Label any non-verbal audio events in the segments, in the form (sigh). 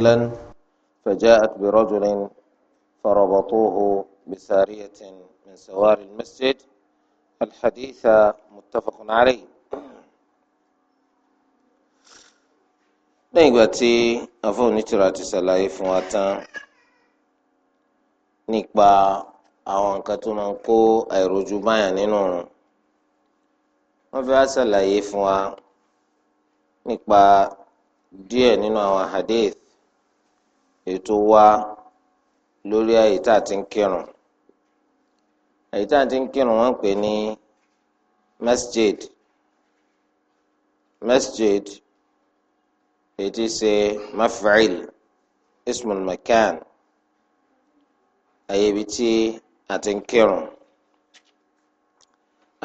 ليلا فجاءت برجل فربطوه بسارية من سوار المسجد الحديث متفق عليه lẹ́yìn ìgbà tí afọ́nìtura ti ṣàlàyé fún wa tán nípa àwọn nǹkan tó máa ń kó àìrojú báyà nínú ọ̀run wọ́n fẹ́ ṣàlàyé fún wa nípa díẹ̀ nínú àwọn hadith ètò wa lórí àyè tá a ti ń kírun àyè tá a ti ń kírun pè ní masjid masjid èyí tí ṣe ismul makan àyè ibi tí a ti ń kírun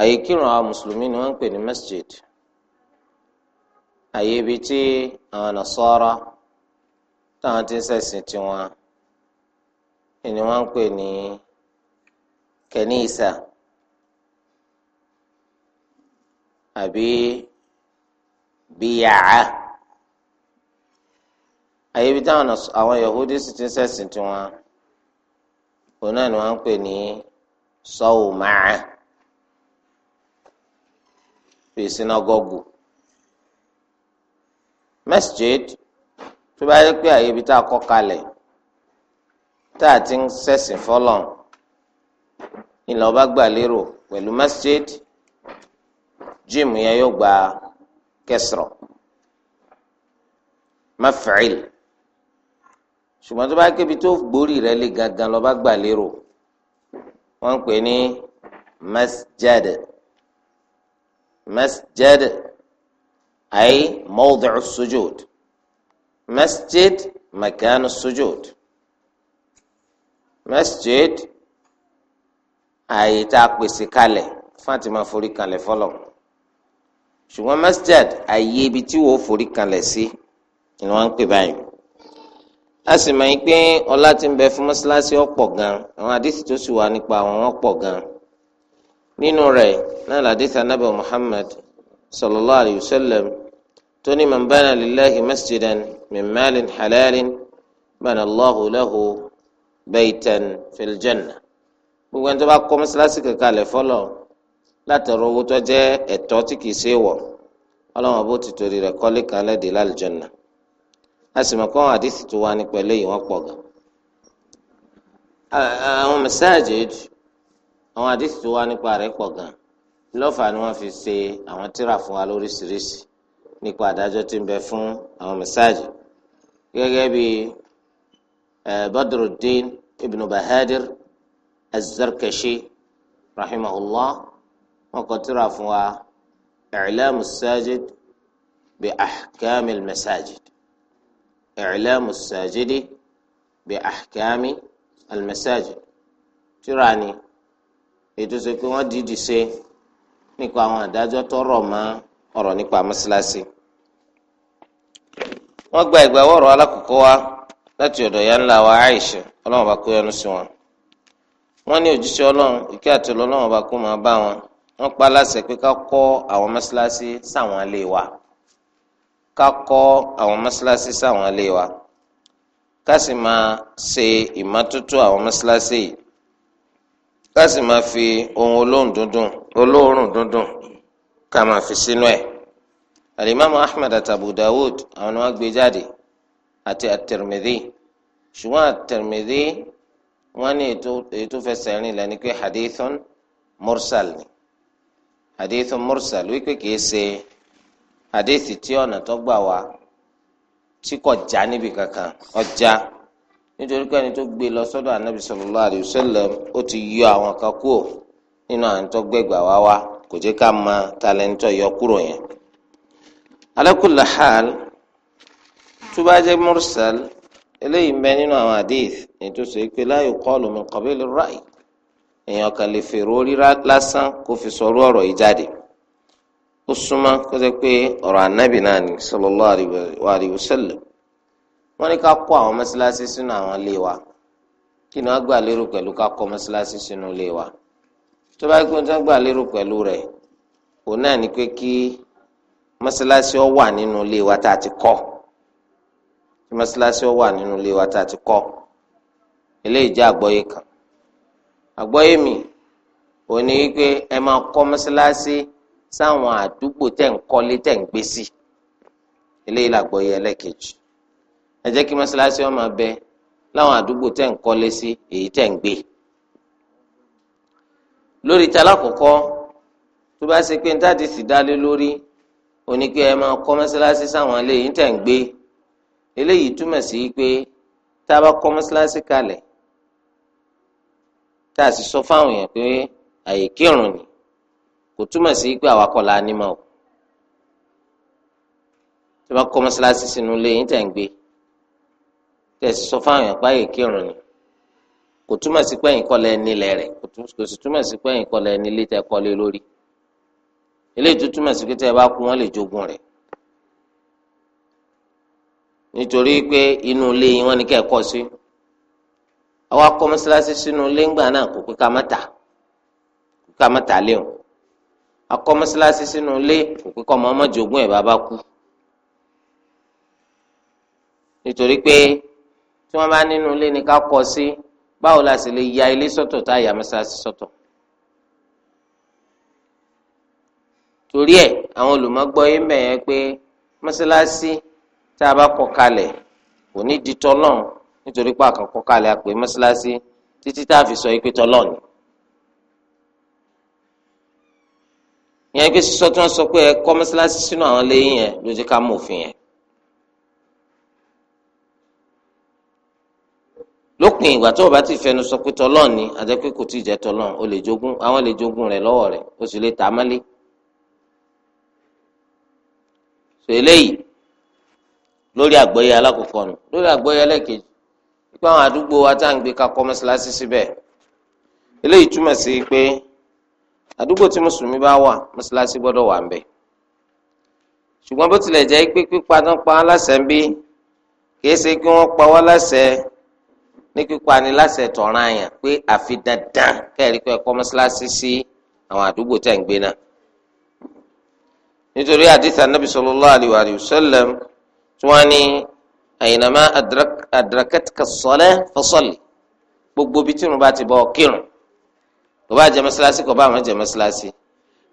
àyè kírun àwọn mùsùlùmí ni wọ́n pè ní masjid àyè ibi tí àwọn nasara. táwọn ti ń ṣẹ̀sìn tiwọn ni wọ́n ń pè ní kẹ́níìsà àbí bíyàá àyèbí táwọn àwọn Yahudi sì ti ń ṣẹ̀sìn tiwọn òun náà ni wọ́n ń pè ní sọ́wùmáà fi masjid. tó bá yẹ pé àyè ibi tá a kọ́ kalẹ̀ tá a ti ń ṣẹ̀sìn fọ́lọ̀ ìlà ọba gbà lérò pẹ̀lú masjid jíìmù yẹn yóò gba kẹsìrọ̀ maf'il ṣùgbọ́n tó bá yẹ pé tó gbórí rẹ̀ lé gangan lọ́ba gbà lérò wọ́n ń pè ní masjad masjad ay mawdi'u sujud masjid makanu sujud masjid àyè tá a pèsè kalẹ̀ fún àti máa forí kalẹ̀ fọlọ̀ ṣùgbọ́n masjid àyè ibi tí wọ́n forí kalẹ̀ sí ni wọ́n ń pè báyìí a sì mọ̀ pé ọlá tí ń bẹ fún mọ́ṣáláṣí ọ̀pọ̀ gan-an àwọn àdìsí tó sì wà nípa àwọn ọ̀pọ̀ gan nínú rẹ̀ náà làdìsí anábẹ́ Muhammad sallallahu alayhi tó ní man bana lillahi masjidan. من مال حلال من الله له بيتا في الجنة gbogbo ẹni tó bá kọ́ mọ́sálásí kankan lẹ̀ fọlọ́ látọ̀rọ̀ owó tó jẹ́ ẹ̀tọ́ tí kìí ṣe wọ̀ ọlọ́wọ́n bó ti torí rẹ̀ kọ́lé kan lẹ́dí lálùjọ́nà a sì mọ̀ kọ́ àdìsí tó wá ní pẹ̀lú èyí wọ́n pọ̀ gan. àwọn mẹ́sáàgì àwọn àdìsí tó wá nípa rẹ̀ pọ̀ gan lọ́fà ni wọ́n fi ṣe àwọn tírà fún wa lóríṣiríṣi nípa àdájọ́ tí ń bẹ fún àwọn mẹ́sáàgì gẹ́gẹ́ bí Badruddin ibn Bahadir az-Zarkashi rahimahullah wọn kọ tírà fún wa i'lamu sajid bi ahkami al-masajid i'lamu sajidi bi ahkami al-masajid tírà ni ètò ìsèkú wọn dìídì ṣe nípa àwọn àdájọ́ tó rọ̀ mọ́ nípa mọ́sálásí wọ́n gba ìgbàwọ́rọ̀ alákòókò wa láti ọ̀dọ̀ ya ńlá wa Aisha ọlọ́run bá kó yọ́nú sí wọn. wọ́n ní òjíṣẹ́ ọlọ́run ìkẹ́ àti ọlọ́run bá kó máa bá wọn wọ́n pa láṣẹ pé ká kọ́ àwọn mọ́ṣáláṣí sáwọn ilé wa ká kọ́ àwọn mọ́ṣáláṣí sáwọn ilé wa ká sì máa ṣe ìmọ́tótó àwọn mọ́ṣáláṣí yìí ká sì máa fi ohun olóòórùn dúndùn olóòórùn dúndùn ká máa fi sínú ẹ̀ alimami ahmed àti abu dawud àwọn ni wọ́n gbé jáde àti at-Tirmidhi ṣùgbọ́n at-Tirmidhi wọ́n ní ètò fẹsẹ̀ rìn lẹ́ni pé hadithun mursal ni hadithun mursal wípé kìí ṣe hadithi tí ọ̀nà tó gbà wá tí kò já níbi kankan ọjà nítorí pé ẹni tó gbé lọ sọ́dọ̀ anabi sallallahu alayhi ó ti yọ àwọn kan kúrò nínú àwọn tó gbẹgbà wá wá kò jẹ́ ká mọ talẹńtọ yọ kúrò yẹn ala kulli hal tó bá jẹ́ mursal eléyìí ń bẹ nínú àwọn hadith ètò sọ pé la yuqalu min qabili ar-ra'y èèyàn kan lè fèrò orí lásán kó fi sọ̀rọ̀ ọ̀rọ̀ yìí jáde ó súnmọ́ kó jẹ́ pé ọ̀rọ̀ ànábì náà ni sallallahu alaihi wasallam wọ́n ní ká kó àwọn mọ́sálásí sínú àwọn ilé wa kí ni wọ́n gbà lérò pẹ̀lú ká kọ́ mọ́sálásí sínú ilé wa tó bá gbé gbà lérò pẹ̀lú rẹ̀ òun náà ni pé kí mọ́sálásí ọ wà nínú ilé wa tá a ti kọ́ tí mọ́sálásí ọ wà nínú ilé wa tá a ti kọ́ eléyìí jẹ́ àgbọ́yé kan àgbọ́yé mi ò ní wípé ẹ máa kọ́ mọ́sálásí sáwọn àdúgbò tẹ̀ ń kọ́lé tẹ̀ ń gbé sí eléyìí làgbọ́yé ẹlẹ́kejì ẹ jẹ́ kí mọ́sálásí ọ máa bẹ láwọn àdúgbò tẹ̀ ń kọ́lé sí èyí tẹ̀ ń gbé lórí tàlákọ̀kọ́ tó bá ṣe pé ní táàdì sì dá lórí onígbé ẹ máa kọ́ mọ́sálásí sáwọn eléyìí ń tẹ̀ ń gbé eléyìí túmọ̀ sí pé tá a bá kọ́ mọ́sálásí kalẹ̀ tá a sì sọ fáwọn èèyàn pé àyè kírun ni kò túmọ̀ sí pé àwa kọ́ la ní ma o tí a bá kọ́ mọ́sálásí sínú eléyìí tẹ̀ ń gbé tẹ̀ sì sọ fáwọn èèyàn pé àyè kírun ni kò túmọ̀ sí pé ẹ̀yin kọ́ lẹ nílẹ̀ rẹ̀ kò sì túmọ̀ sí pé ẹ̀yin kọ́ lẹ nílé tẹ́ kọ́ lé lórí eléyìí tó túmọ̀ sí pé tẹ́ ẹ bá kú wọ́n lè jogún rẹ̀ nítorí pé inú ilé yín wọ́n ní kẹ́ ẹ kọ́ sí àwa kọ́ mọ́sálásí sínú ilé ńgbà náà kò pé ká má tà kó ká má tà léwu akọ́ mọ́sálásí sínú ilé kò pé kọ́ ọmọ ọmọ jogún ẹ̀ bàbá kú nítorí pé tí wọ́n bá nínú ilé ni ká kọ́ sí báwo la sì lè ya ilé sọ́tọ̀ tá a yà mọ́sálásí sọ́tọ̀. So torí ẹ̀ àwọn olùmọ̀gbọ́ yín bẹ̀ yẹn pé mọ́sálásí tá a bá kọ́ kalẹ̀ kò ní di tọ́lọ́n nítorí pé àkàn kọ́ kalẹ̀ àpè mọ́sálásí títí tá a fi sọ yìí pé tọ́lọ́n ni. ìyẹn pé sísọ tí wọ́n sọ pé ẹ kọ́ mọ́sálásí sínú àwọn lẹ́yìn yẹn ló ti ká mọ òfin yẹn. lópin ìgbà tó o bá ti fẹnu sọ pé tọ́lọ́n ni àti pé kò tí ì jẹ́ tọ́lọ́n o lè jogún àwọn lè jogún rẹ̀ lọ́wọ́ rẹ̀ o sì lè tà á mọ́lé. fèlè yìí lórí àgbọ́yé alákọ̀ọ́kọ́ nù lórí àgbọ́yé ẹlẹ́kejì nípa àwọn àdúgbò wa tá à ń gbé ká kọ́ mọ́ṣáláṣí síbẹ̀ eléyìí túmọ̀ sí pé àdúgbò tí mùsùlùmí bá wà mọ́ṣáláṣí gbọ́dọ̀ wà ń bẹ̀ ṣùgbọ́n bó tilẹ̀ jẹ́ pé pípa tán pa á láṣẹ ń bí kìí ṣe kí wọ́n pa wá láṣẹ ní pípa ni láṣẹ tọ̀ràn àyàn pé àfi dandan kẹ́ẹ̀rí pé kọ́ mọ́ṣáláṣí sí àwọn àdúgbò tẹ̀ ń gbé náà nítorí àdìsá nàbì sallallahu alayhi wa sallam tí wọ́n ní àyìnàmá àdàkàtìkà sọlẹ fọsọlì gbogbo bí tìrun bá ti bọ kírun kò bá jẹ mọ́sálásí kò bá má jẹ mọ́sálásí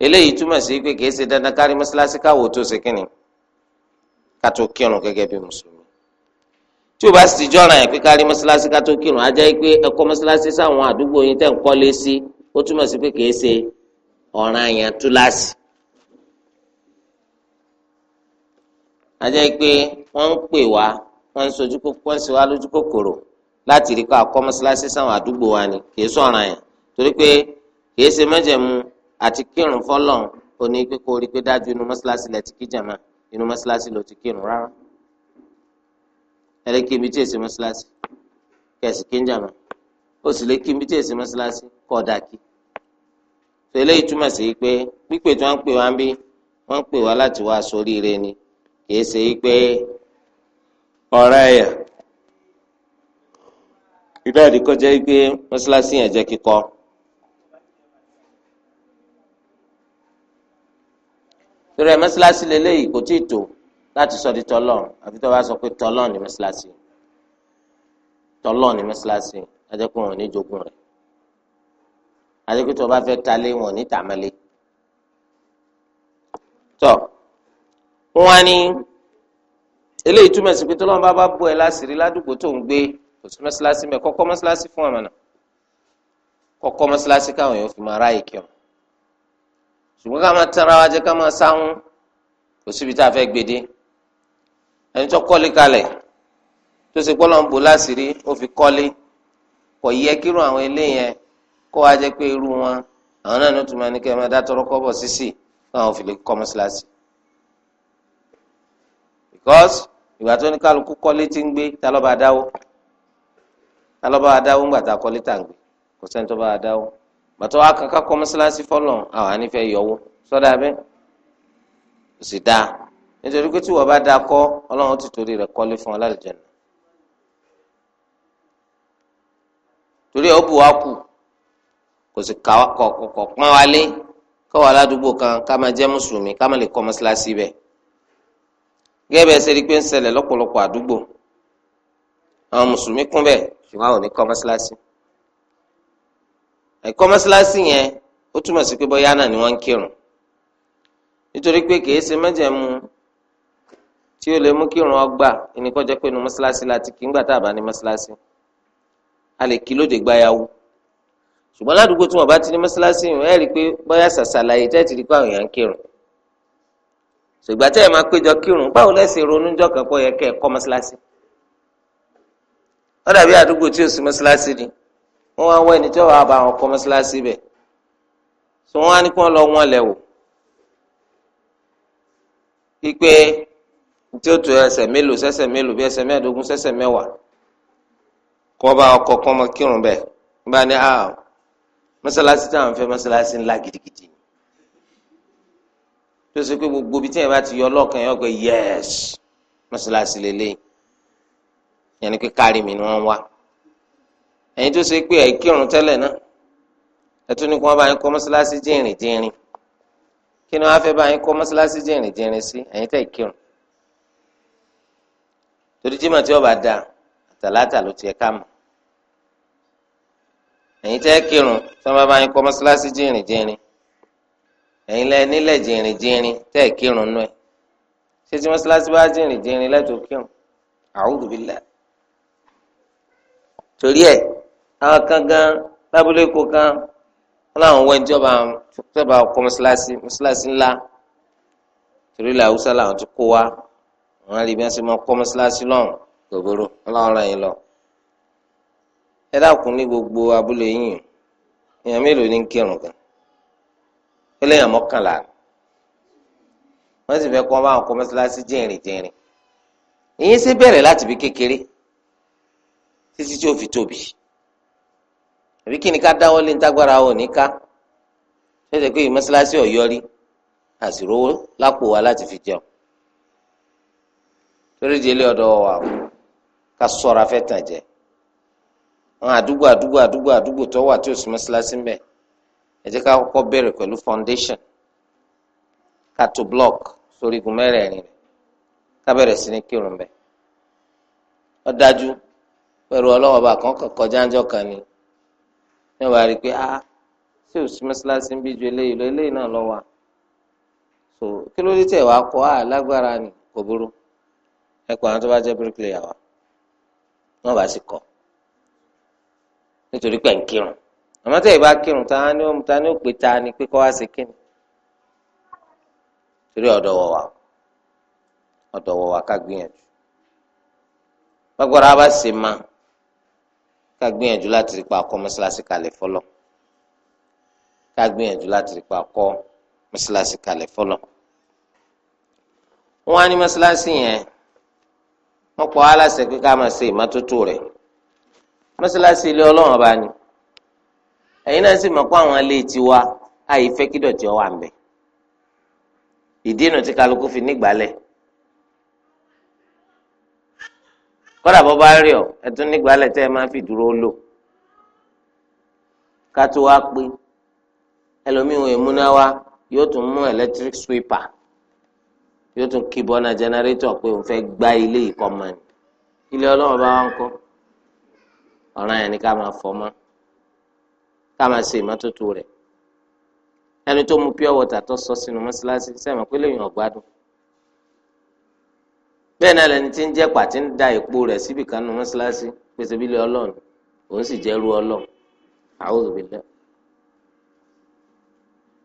eléyìí túmọ̀ sí pé kìí ṣe dandan kárí mọ́sálásí káwò tó ṣe kínni ká tó kírun gẹ́gẹ́ bí mùsùlùmí tí o bá sì ti jọ́ra yẹn pé kárí mọ́sálásí ká tó kírun ajá yìí pé ẹ̀kọ́ mọ́sálásí sáwọn àdúgbò yín tẹ̀ ń kọ́lé sí ó túmọ̀ sí pé kìí ṣe ọ̀ranyàn túláàsì ajẹ́ pé wọ́n ń pè wá wọ́n ń sojú wọ́n ń ṣe wá lójú kòkòrò láti rí i pé àkọ́ mọ́ṣáláṣí sáwọn àdúgbò wa ni kì í sọ̀ràn yẹn torí pé kì í ṣe májẹ̀mú àti kírun fọ́lọ́n òní pé kó rí i pé dájú inú mọ́ṣáláṣí lẹ ti kí jàmá inú mọ́ṣáláṣí ló ti kírun rárá ẹ̀rẹ́ kí ibi tí èsì mọ́ṣáláṣí kẹ̀sì kí ń jàmá ó sì lè kí ibi tí èsì mọ́ṣáláṣí kọ́ ọ̀dà kí tẹ́lẹ̀ ìtumọ̀ sí pé pípè tí wọ́n ń pè wá ń bí wọ́n ń pè wá láti wá sóríire ni kìí ṣe pé ọ̀rá ẹ̀yà ìbá ìdíkọ́ jẹ́ pé mọ́ṣáláṣí yẹn jẹ́ kíkọ́. torí ẹ̀ mọ́ṣáláṣí lélẹ́yìí kò tíì tó láti sọ di tọ́lọ̀ àfi tó bá sọ pé tọ́lọ̀ ní mọ́ṣáláṣí tọ́lọ̀ ní mọ́ṣáláṣí ajẹ́kùn wọn ò ní jogún rẹ̀ ajẹ́kùn tó bá fẹ́ talé wọn ò ní tàmẹ́lé. tọ́. So, wọ́n ní eléyìí túmọ̀ sí pé tó lọ́nà bá bá bọ́ ẹ láṣìírí ládùúgbò tó ń gbé kò sí mọ́ṣáláṣí mẹ́ kọ́kọ́ mọ́ṣáláṣí fún àmàna kọ́kọ́ mọ́ṣáláṣí káwọn èèyàn fi máa ráàyè kírun ṣùgbọ́n ká máa tẹ́ra wa jẹ́ ká máa sáwọn kò síbi tá a fẹ́ gbede ẹni tó kọ́lé kalẹ̀ tó ṣe pọ́lọ́n bò láṣìírí ó fi kọ́lé kò yẹ kírun àwọn eléyẹn kó wá jẹ́ pé irú wọn àwọn náà ní ó tún máa ní kẹ́ because ìgbà tó ní kálukú kọ́lé tí ń gbé ta ló bá dáwó ta ló bá dáwó ńgbà tá a kọ́lé tà ń gbé kò sẹ́ni tó bá dáwó bàtọ́ wa kankan kọ́ mọ́sálásí fọ́lọ̀ àwọn ànífẹ́ yọwó sọ́dà bẹ́ẹ̀ kò sì dáa nítorí pé tí wọ́n bá dáa kọ́ ọlọ́run ti torí rẹ̀ kọ́lé fún ọ náà torí ọ̀bù wa kù kò sì kọ̀ pọ́n wa kọ́ wa ládùúgbò kan ká máa jẹ́ mùsùlùmí ká máa lè kọ́ mọ́sálásí bẹ́ẹ̀ gẹ́gẹ́ bẹ́ẹ̀ ṣe rí i pé ń ṣẹlẹ̀ lọ́pọ̀lọpọ̀ àdúgbò àwọn mùsùlùmí kún bẹ́ẹ̀ ṣùgbọ́n àwọn ò ní kọ́ mọ́ṣáláṣí ẹ̀kọ́ mọ́ṣáláṣí yẹn ó túmọ̀ sí pé bóyá náà ni wọ́n ń kírun nítorí pé kìí ṣe mẹ́jẹ̀mú tí ó lè mú kírun ọgbà ìníkọ́jẹ́ pé nu mọ́ṣáláṣí láti kí ńgbà tá a bá ní mọ́ṣáláṣí a lè kí lóde gbáyàwó ṣùgbọ́n ládùúgbò tí wọ́n ṣùgbà tẹ́ ẹ̀ máa péjọ kírun báwo lẹ́sìn ronú jọ kan pọ̀ yẹ kẹ́ ẹ̀ kọ́ mọ́ṣáláṣí wọ́n dàbí àdúgbò tí ò sí mọ́ṣáláṣí ni wọ́n wá ẹni tí wọ́n bá wọn kọ́ mọ́ṣáláṣí bẹ̀ wọ́n á ní kí wọ́n lọ wọ́n lẹ̀ wò pípé tí ó ẹsẹ̀ mélòó sẹ́sẹ̀ mélòó bí ẹsẹ̀ mẹ́ẹ̀ẹ́dógún sẹ́sẹ̀ mẹ́wàá tó ṣe pé gbogbo ibi tí yẹn bá ti yọ ọlọ́kàn yẹn ọgbẹ́ yẹ́s mọ́ṣáláṣí lélẹ́yìn yẹn ni pé kárí mi ni wọ́n wá ẹ̀yin tó ṣe pé ẹ̀ kírun tẹ́lẹ̀ náà ẹ̀ tún ní kí wọ́n bá yín kọ́ mọ́ṣáláṣí jìnrìn jìnrìn kí ni wọ́n á fẹ́ bá yín kọ́ mọ́ṣáláṣí jìnrìn jìnrìn sí ẹ̀yin tẹ́ kírun torí jimá tí wọ́n bá dáa àtàlátà ló ti ẹ̀ ká mọ̀ ẹ̀yin tẹ́ kírun tí wọ́n bá bá yín kọ́ mọ́ṣáláṣí jìnrìn jìnrìn ẹ̀yin lẹ nílẹ̀ jìnrìn jìnrìn tẹ́ ẹ̀ kírun nú ẹ̀ ṣé tí mọ́ṣáláṣí bá jìnrìn jìnrìn lẹ́tọ̀ kírun a'udhu billah torí ẹ̀ àwọn kan gan lábúlé kó kan wọn làwọn wọ ìjọba ìjọba ọkọ mọ́ṣáláṣí mọ́ṣáláṣí ńlá torí ilẹ̀ haúsá làwọn ti kó wa wọn rí bí wọn ṣe máa kọ́ mọ́ṣáláṣí lọ́hùn gbogbooro wọn ràn yín lọ ẹ dákun ní gbogbo abúlé yìnyín èèyàn mélòó ní kírun gan eléyàn mọ́kànlá wọ́n sì fẹ́ kọ́ máa kọ́ mọ́sálásí jìnrìn jìnrìn ìyẹn sì bẹ̀rẹ̀ láti bí kékeré títí tí ó fi tóbi àbí kí ni ká dáwọ́ lé ntágbára ò ní ká ṣẹ̀ṣẹ̀ pé mọ́sálásí ọ̀yọ́rí àsìrówó lápò wa láti fi jẹun torí di ilé ọ̀dọ̀ wa ká sọra fẹ́ tàn jẹ àwọn àdúgbò àdúgbò àdúgbò àdúgbò tó wà tí ó sì mọ́sálásí ń bẹ ẹ jẹ́ ká kọ́kọ́ bẹ̀rẹ̀ pẹ̀lú foundation ká tò block sórí igun mẹ́rẹ̀ẹ̀rin rẹ̀ ká bẹ̀rẹ̀ sí ní kírun bẹ̀. ó dájú pẹ̀lú ọlọ́wọ́ bá kan kọjá ńjọ́ kan ni ní ọba rí i pé ah sí òsì mọ́ṣáláṣí ń bí ju eléyìí lọ eléyìí náà lọ́wọ́ à so kí ló dé tẹ̀ wá kọ́ à ah, lágbára ni kò burú ẹ kọ́ àwọn tó bá jẹ́ bricklayer wa wọ́n bá sì kọ́ nítorí pé ń kírun àmọ́ tẹ́ ìbá kírun ta ni ó ta ni ó pè ta ni pé kọ́ wá sí kíni torí ọ̀dọ̀ wọ̀ wá ọ̀dọ̀ wọ̀ wá ká gbìyànjú gbàgbọ́ra bá sì má ká gbìyànjú láti rí pa kọ́ mọ́ṣáláṣí kalẹ̀ fọlọ́ ká gbìyànjú láti rí pa kọ́ mọ́ṣáláṣí kalẹ̀ fọlọ́ wọ́n á ní mọ́ṣáláṣí yẹn wọ́n pọ̀ á láṣẹ pé ká máa ṣe ìmọ́tótó rẹ̀ mọ́ṣáláṣí ilé ọlọ́run ọba ni. ẹ̀yin náà sì mọ̀ pé àwọn ilé ti àyè fẹ́ kí dọ̀tí ọ wà ń ìdí ìnà tí fi nígbàlẹ̀ kọ́dà bọ́ bá rí ọ ẹ̀tún nígbàlẹ̀ tẹ́ ẹ máa fi dúró lò ká wá pé ẹlòmíhun yóò tún mú electric sweeper yóò tún kí bọ́nà pé òun fẹ́ ilé ìkọ́mọ ni ilé ọlọ́run bá ni ká máa fọ́ mọ́. ká máa ṣe ìmọ́tótó rẹ̀ ẹni tó mu pure water tó sọ sínú mọ́ṣáláṣí sẹ́mi pé lèyìn ọ̀gbádùn bẹ́ẹ̀ náà lẹni tí ń jẹ́ pàtí ń da èpo rẹ̀ síbi kan nu mọ́ṣáláṣí pèsè bí lè ọlọ́run òun sì jẹ́ ru ọlọ́run a'udhu billah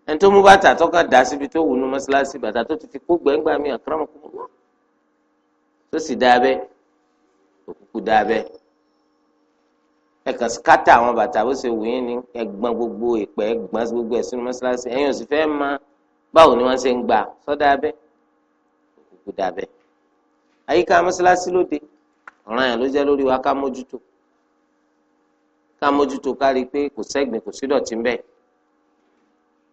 ẹni tó mú bàtà tó kàn dá síbi tó wù nu mọ́ṣáláṣí bàtà tó ti fi kó gbẹ́ngbà àkàràmọ́kùnrin tó sì dáa bẹ́ẹ̀ òkùnkùn dáa bẹ́ẹ̀ ẹkàn skata àwọn bàtà bó ṣe wù yín ni ẹgbọn gbogbo ìpẹ ẹgbọn gbogbo ẹsìn mọ́ṣáláṣí ẹ̀yin ò sì fẹ́ mọ̀ báwo ni wọ́n ṣe ń gbà sọ́dọ̀ abẹ́ kúkú dàbẹ́ àyíká mọ́ṣáláṣí lóde ọ̀ràn yẹn ló jẹ́ lórí wa ká mójútó ká mójútó ká rí i pé kò sẹ́gbìn kò sí dọ̀tí ńbẹ̀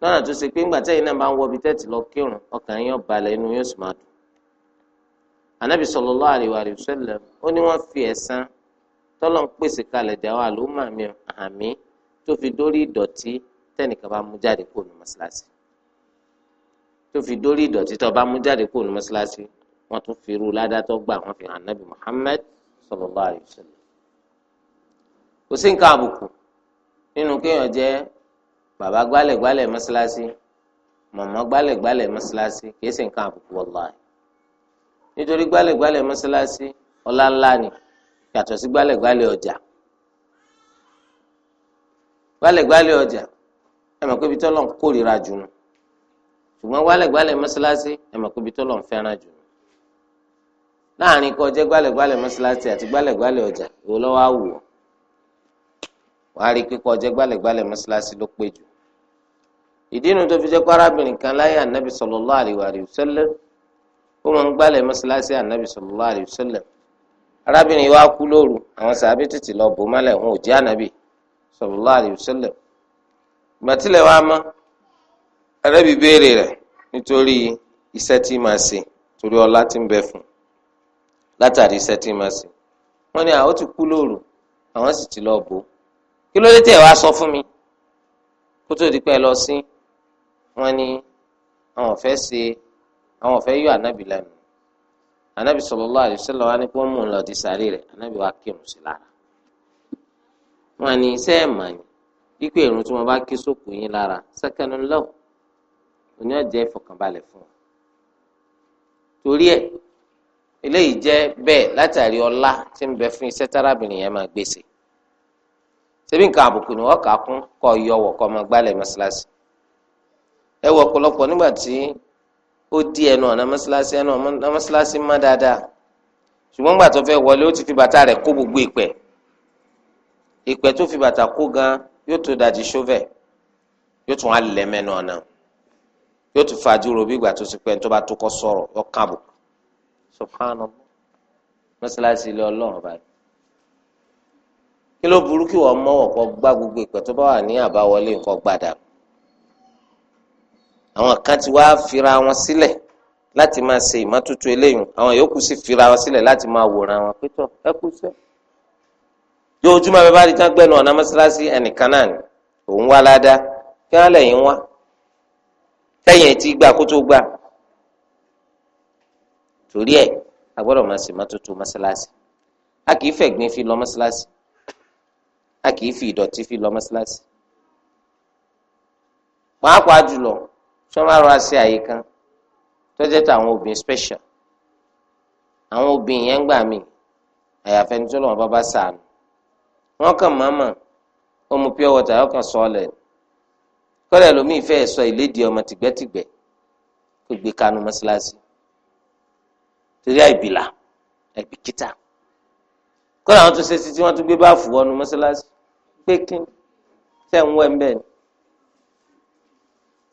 lọ́nà tó ṣe pé ńgbà tẹ́yìn náà bá ń wọbi tẹ́tì lọ kírun ọkàn yín balẹ̀ inú yóò sì máa dùn Ànábì sallallahu alaihi wa sallam ó ní tọ́lọ̀ ń pèsè kalẹ̀ dé àwọn àlùmọ̀ mi àmì tó fi dórí ìdọ̀tí tẹ́nìkan bá mú jáde kó nu mọ́ṣáláṣí tó fi dórí ìdọ̀tí tó bá mú jáde kó nu mọ́ṣáláṣí wọ́n tún fi irú ládàtọ́ gbà wọ́n fi hàn nábì Muhammad sallallahu alaihi wasallam kò sí nǹkan àbùkù nínú kéèyàn jẹ́ bàbá gbálẹ̀gbálẹ̀ mọ́ṣáláṣí mọ̀mọ́ gbálẹ̀gbálẹ̀ mọ́ṣáláṣí kìí sì nǹkan àbùkù wallahi nítorí gbálẹ̀gbálẹ̀ mọ́ṣáláṣí ọlá ńlá ni yàtọ̀ sí gbálẹ̀gbálẹ̀ ọjà gbálẹ̀gbálẹ̀ ọjà ẹ mọ̀ pé ibi tọ́lọ̀ ń kórìíra jù nù ṣùgbọ́n gbálẹ̀gbálẹ̀ mọ́ṣáláṣí ẹ mọ̀ pé ibi tọ́lọ̀ ń fẹ́ràn jù nù láàrin kó jẹ́ gbálẹ̀gbálẹ̀ mọ́ṣáláṣí àti gbálẹ̀gbálẹ̀ ọjà ìwọ lọ́wọ́ àwò wàá rí pé kó jẹ́ gbálẹ̀gbálẹ̀ mọ́ṣáláṣí ló pé jù ìdí inú tó fi jẹ́ pé arábìnrin kan láyé ànábì sallallahu alaihi wa sallam ó máa ń gbálẹ̀ mọ́ṣáláṣí ànábì sallallahu alaihi wa arábìnrin wa kú lóru àwọn sàbí tètè lọ bò mọ́lẹ̀ wọn ò jẹ́ ànábì sallallahu alaihi wasallam gbàtílẹ̀ wa mọ́ arábì béèrè rẹ̀ nítorí iṣẹ́ tí máa ṣe torí ọlá tí ń bẹ fún látàrí iṣẹ́ tí máa ṣe wọ́n ní àwọn ti kú lóru àwọn sì ti lọ bò kí ló dé tẹ̀ wá sọ fún mi kó tó di pẹ́ lọ sí wọ́n ní àwọn ò fẹ́ ṣe àwọn ò fẹ́ yọ ànábì lẹ́nu anabi sallallahu alaihi wasallam wa ni kí wọn mú un lọ di sàárè rẹ̀ anabi wa kírun sí lára wọn ni iṣẹ ẹ mà ní pípé irun tí wọn bá kí sókù yín lára sẹkẹnu lọhùn oní ọjà ìfọkànbalẹ̀ fún wọn torí ẹ eléyìí jẹ́ bẹ́ẹ̀ látàrí ọlá tí ń bẹ fún iṣẹ́ tárábìnrin yẹn máa gbèsè ṣebí nǹkan àbùkù ni wọn kà á kún kọ yọwọ kọ ọmọ gbálẹ̀ mọ́ṣáláṣí ẹ wọ ọ̀pọ̀lọpọ̀ nígbà tí ó di ẹnu ọ̀nà mọ́sálásí ẹnu ọ̀nà mọ́sálásí má dáadáa ṣùgbọ́n gbà tó fẹ́ wọlé ó ti fi bàtà rẹ̀ kó gbogbo ìpẹ́ ìpẹ́ tó fi bàtà kó gan yóò tó dajì ṣóvẹ̀ yóò tún alẹ́ mẹ́nu ọ̀nà yóò tún fàdúró bí ìgbà tó ti pẹ́ tó bá tó kọ́ sọ̀rọ̀ yọ káàbò subhanallah mọ́sálásí ilé ọlọ́run báyìí kí ló burú kí wọ́n mọ́wọ́ kọ́ gbá gbogbo ìpẹ́ àwọn kan ti wá fira wọn sílẹ̀ láti máa ṣe ìmọ́tótó eléyìí àwọn yòókù sì fira wọn sílẹ̀ láti máa wòran wọn pé tọ́ ẹ kú sẹ́. yóò ojúmọ́ bẹ́ẹ̀ bá rí tán gbẹ́nu ọ̀nà mọ́ṣáláṣí ẹnìkan náà ni òun wá ládàá kí wọ́n lẹ́yìn wá tẹ́yìn ti gbà kó tó gbà. torí ẹ̀ a gbọ́dọ̀ máa ṣe ìmọ́tótó mọ́ṣáláṣí a kì í fẹ̀gbin fi lọ mọ́ṣáláṣí a kì í fi ìdọ̀tí fi lọ mọ́ṣáláṣí pàápàá jùlọ sọ́mọ́ ara ṣe àyè kan tó jẹ́ tàwọn obìnrin special àwọn obìnrin yẹn ń gbà mí àyàfẹ́ ní tó lọ́wọ́ bá bá sàánù wọ́n kàn mọ́mọ́ ó mu pure water ó kàn sọ ọ́ lẹ̀ kọ́lẹ̀ lómi ìfẹ́ ẹ̀ sọ ìlédìí ọmọ tìgbẹ́tìgbẹ́ kó gbé kanu mọ́ṣáláṣí torí àìbìlà àìbìkítà kọ́lẹ̀ àwọn tó ṣe sí tí wọ́n tún gbé báàfù wọnú mọ́ṣáláṣí pé kí tẹ̀ ń wẹ̀ ń bẹ́ẹ̀ ni.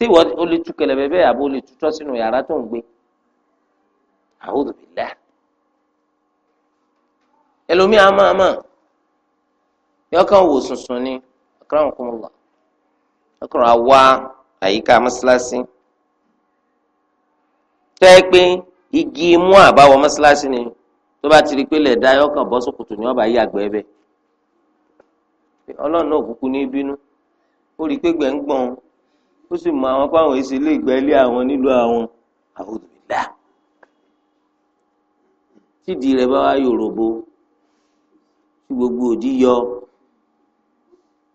tí ìwọ o lè tú kẹlẹbẹ bẹ́ẹ̀ àbò lè tutọ́ sínú yàrá tó ń gbé a'udhu billah ẹlòmíà máàmá yọkàn wò sùnsùn ni akramakumullah ọkùnrin àwa àyíká mọ́sálásí tẹ́ pé igi imú àbáwọ mọ́sálásí ni tó bá ti rí pé lẹ̀ dá yọkàn bọ́ sókòtò ni wọ́n bá yí àgbẹ̀ bẹ́ẹ̀ ọlọ́run náà kúkú ní bínú ó rí i pé gbẹ̀ ń gbọ̀n ó sì mọ àwọn fáwọn èsì ilé ìgbà ilé àwọn nílùú àwọn àwòdìdá tídìí rẹ bá wá yòròbó tí gbogbo òdì yọ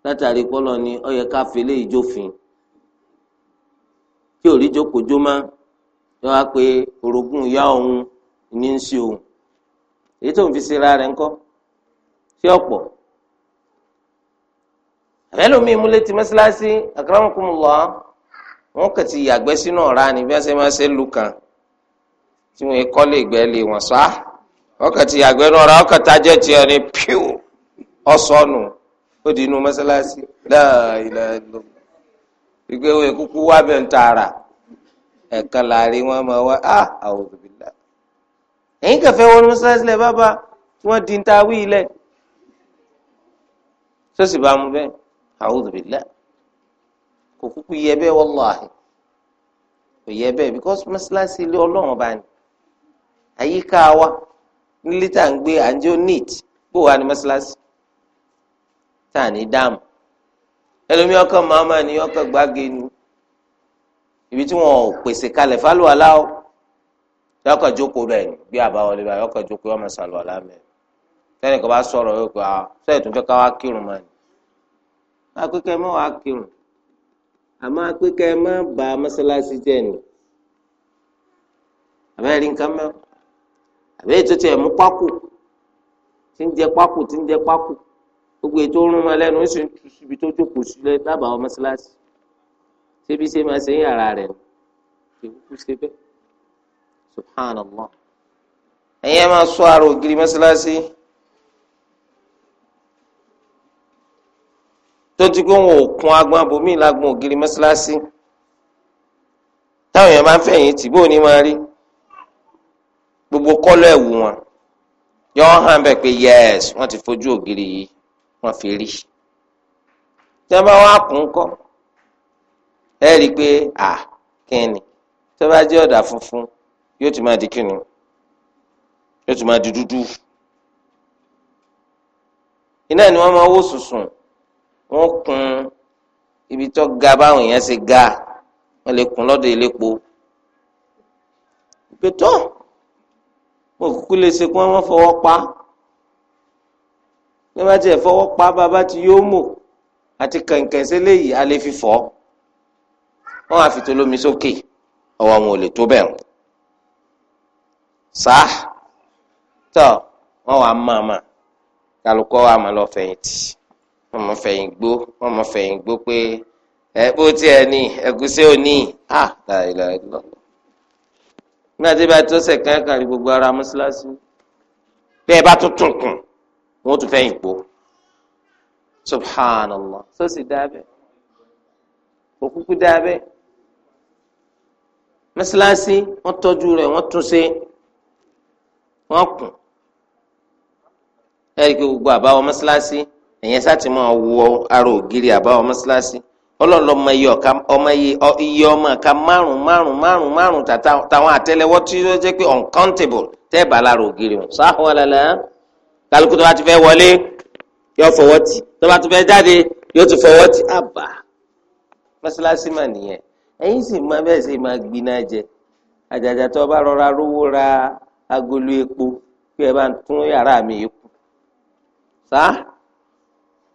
látàrí pọlọ ni ó yẹ ká fi eléyìí jófin tí ò rí jókòjó má yọ wá pé orogún ìyá òun ní ń ṣe òun èyí tó ń fi ṣe ra rẹ ńkọ́ sí ọ̀pọ̀ ẹlòmíín múlẹ ti mọ́sálásí àkàràmọkùnmọ lọ wọ́n kàn ti yàgbẹ́ sínú ọ̀ra ni bí wọ́n ṣe máa ṣe lu kan tí wọ́n kọ́ lè gbẹ́ lè wọ̀n sá wọ́n kàn ti yàgbẹ́ sínú ọ̀ra wọ́n kàn tajẹ́ tiẹ̀ ni píù ọ̀sọ́nù ó di inú mọ́sálásí láàlẹ́ lọ. ìgbé wo ìkúkú wá bẹ̀ ń tààrà ẹ̀ẹ̀kan láàrin wọn máa wá á àwọn òbílà. ẹ̀yin kẹfẹ́ wọn mọ́sálásí lẹ̀ bàbá tí wọ́n di ń ta wí ilẹ̀ sọ́sì bẹ́ẹ̀ àwọn òbílà. kò kúkú yẹ bẹ́ẹ̀ wàláhì kò yẹ bẹ́ẹ̀ because mọ́sálásí ilé ọlọ́run ni àyíká wa nílé tá à ń gbé àǹjẹ́ ó neat bó wà ní mọ́sálásí tá à ní ni ibi tí wọn pèsè kalẹ̀ o yọkàn jókòó rẹ̀ bí àbáwọlé bá jókòó àmọ́ pé ka ẹ má ba mọ́sálásí jẹ́ ni Abe nǹkan mọ́ àbẹ́rẹ́ tó tiẹ̀ mú pákó tí ń jẹ pákó tí ń jẹ pákó gbogbo ètò òórùn máa lẹ́nu ó sì ń tu síbi tó jókòó sílẹ̀ dábàá ọmọ síláàsì ṣébi ṣe máa ṣe ń yàrá rẹ̀ ní kúkú ṣe bẹ́ẹ̀ subhanallah ẹ̀yin ẹ̀ máa sọ àrò ògiri tó ti pé wọn ò kun agbọn abomi ìlàgbọn ògiri mọ́ṣáláṣí táwọn èèyàn máa ń fẹ̀yìn tì bó ní máa rí gbogbo kọ́lọ̀ ẹ̀wù wọn yọ hàn bẹ́ẹ̀ pé yẹ́s wọ́n ti fojú ògiri yìí wọ́n fi rí tẹ́ bá wá kún kọ́ ẹ rí i pé à kíni tó bá jẹ́ ọ̀dà funfun yóò ti máa di kíni yóò ti máa di dúdú iná ni wọ́n máa wó sùsùn wọ́n kun ibi tó ga báwọn èèyàn ṣe ga wọ́n lè kun lọ́dọ̀ ilépo ìpètọ́ mo kúkú lè ṣe kí wọ́n má pa bí wọ́n bá tiẹ̀ fọwọ́ pa bàbá tí yóò mọ̀ àti kẹ̀kẹ́ sílẹ̀ yìí a lè fi fọ́ wọ́n á fi tó lómi sókè ọwọ́ àwọn ò lè tó bẹ̀rù sáà tọ́ wọ́n wàá máa máa kálukọ́ wa máa lọ fẹ̀yìntì wọn mọ fẹ̀yìn gbó wọn mọ fẹ̀yìn gbó pé ẹ bó tiẹ̀ ní ẹ̀gúsí òní à láìláì lọ́wọ́ nígbà tí bá tó sẹ̀ kẹ́kẹ́ ní gbogbo ara mọ́ṣáláṣí bẹ́ẹ̀ bá tún tún kùn wọ́n tún fẹ́yìn gbó subhanallah sọ́sì dábẹ́ òkúkú dábẹ́ mọ́ṣáláṣí wọ́n tọ́jú rẹ̀ wọ́n tún ṣe wọ́n kùn ẹ̀rí kí gbogbo àbáwọ̀ mọ́ṣáláṣí ẹ̀yẹn sáti máa wọ ara ògiri àbá ọmọ síláṣí ọlọ́run lọ́mọ iye ọ̀ka ọmọ iye ọmọ ọ̀ka márùn márùn márùn márùn tàwọn àtẹlẹwọ́ tí ó jẹ́ pé uncountable tẹ́ bá lára ògiri wọn sáwọn lẹ́la kálukú tó bá ti fẹ́ wọlé yóò fọwọ́ tì tó bá ti fẹ́ jáde yóò tún fọwọ́ tì àbá mọ́sálásí mà nìyẹn ẹ̀yin sì máa bẹ́ẹ̀ sì máa gbiná jẹ àjàjà tó bá rọra rówó ra agolo epo pé ẹ bá tún yàrá mi yìí kù sáà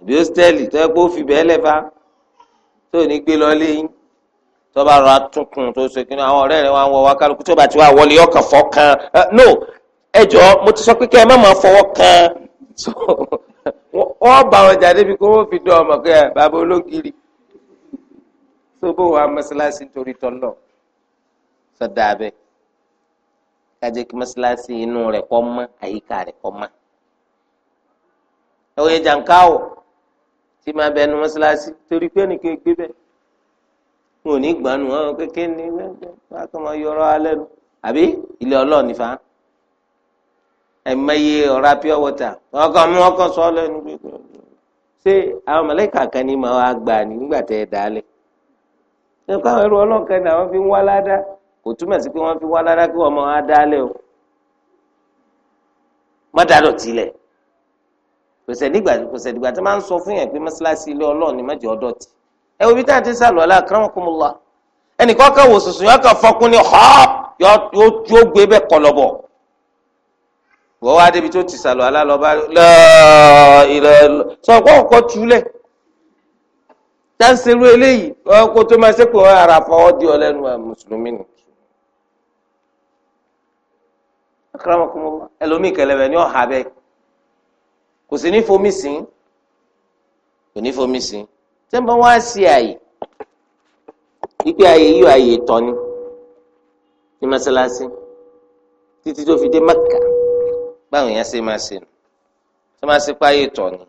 ìbí hósítẹ́ẹ̀lì tó yẹ kó fi bẹ́ẹ̀ lẹ́fà tó ní gbé lọ léyìn tó bá rọra tuntun tó ṣe kí ni àwọn ọ̀rẹ́ rẹ wá ń wọ wá kálukú tó bá ti wá wọlé ọkàn fọ́ kan no ẹ jọ mo ti sọ pé kẹ́ ẹ má máa fọwọ́ kan (laughs) wọ́n bá wọn jáde bí kò wọ́n fi dán ọmọ kẹ́ bàbá ológiri tó bó wa mọ́ṣáláṣí torí tọ́lọ̀ sọ̀dà abẹ́ kájẹ́ kí mọ́ṣáláṣí inú rẹ̀ kọ́ mọ́ àyíká rẹ̀ kọ́ mọ́ ẹ̀ wọ́n yẹ jàǹkáwọ̀ tí ma bẹnu mọ́ṣáláṣí torí pé nìkan gbé bẹ́ẹ̀ wọn ò ní gbanu wọn kékeré ní bẹ́ẹ̀ wọn kàn máa yọrọ alẹ́ nu àbí ilé ọlọ́ọ̀ nífa ẹ̀mẹ́yẹ ọ̀rá pure water wọn kàn mú wọn kàn sọ ọ́ lẹ́nu gbígbó ṣé àwọn mọ̀lẹ́kà kan ní máa wá gbà ní nígbà tẹ́ ẹ dálẹ̀ ẹ kọ́ àwọn ẹrú ọlọ́ọ̀kan ní àwọn fi ń wá ládá kò túmọ̀ sí pé wọ́n fi ń wá ládá kí wọ́n máa dálẹ̀ o mọ́tàdọ̀tì lẹ̀ kò sẹ́dígbà kò sẹ́dígbà tí máa ń sọ fún yẹn pé mọ́ṣáláṣí ilé ọlọ́run ni mẹ́jọ ọdọ́tì ẹ wo bí táà ti sàlọ́ ọ̀la akramakumullah ẹnìkan kan wò sùsùn yọ kan fọkún ni họ́ yóò yóò gbé bẹ́ẹ̀ kọlọ́bọ̀ wọ́n wá débi tó ti sàlọ́ ọ̀la lọ́ba lọ́ọ̀ọ́ sọ pé ọkọ̀ túlẹ̀ táǹsẹ̀rú eléyìí ọkọ̀ tó máa sẹ́kọ̀ọ́ ara fọwọ́ di ọlẹ́nu mùsùlùmí nù akramakumullah ẹlòmíì kẹlẹ́bẹ̀ ni ọ̀ kò sí ní fomi sìn kò ní fomi sìn tẹ́ǹbà wá sí àyè wípé àyè yíyọ àyè tọ́ ni ní mọ́sálásí títí tó fi dé Mẹ́kà báwọn èèyàn ṣe máa ṣe nù tó máa ṣe páyé tọ̀ ni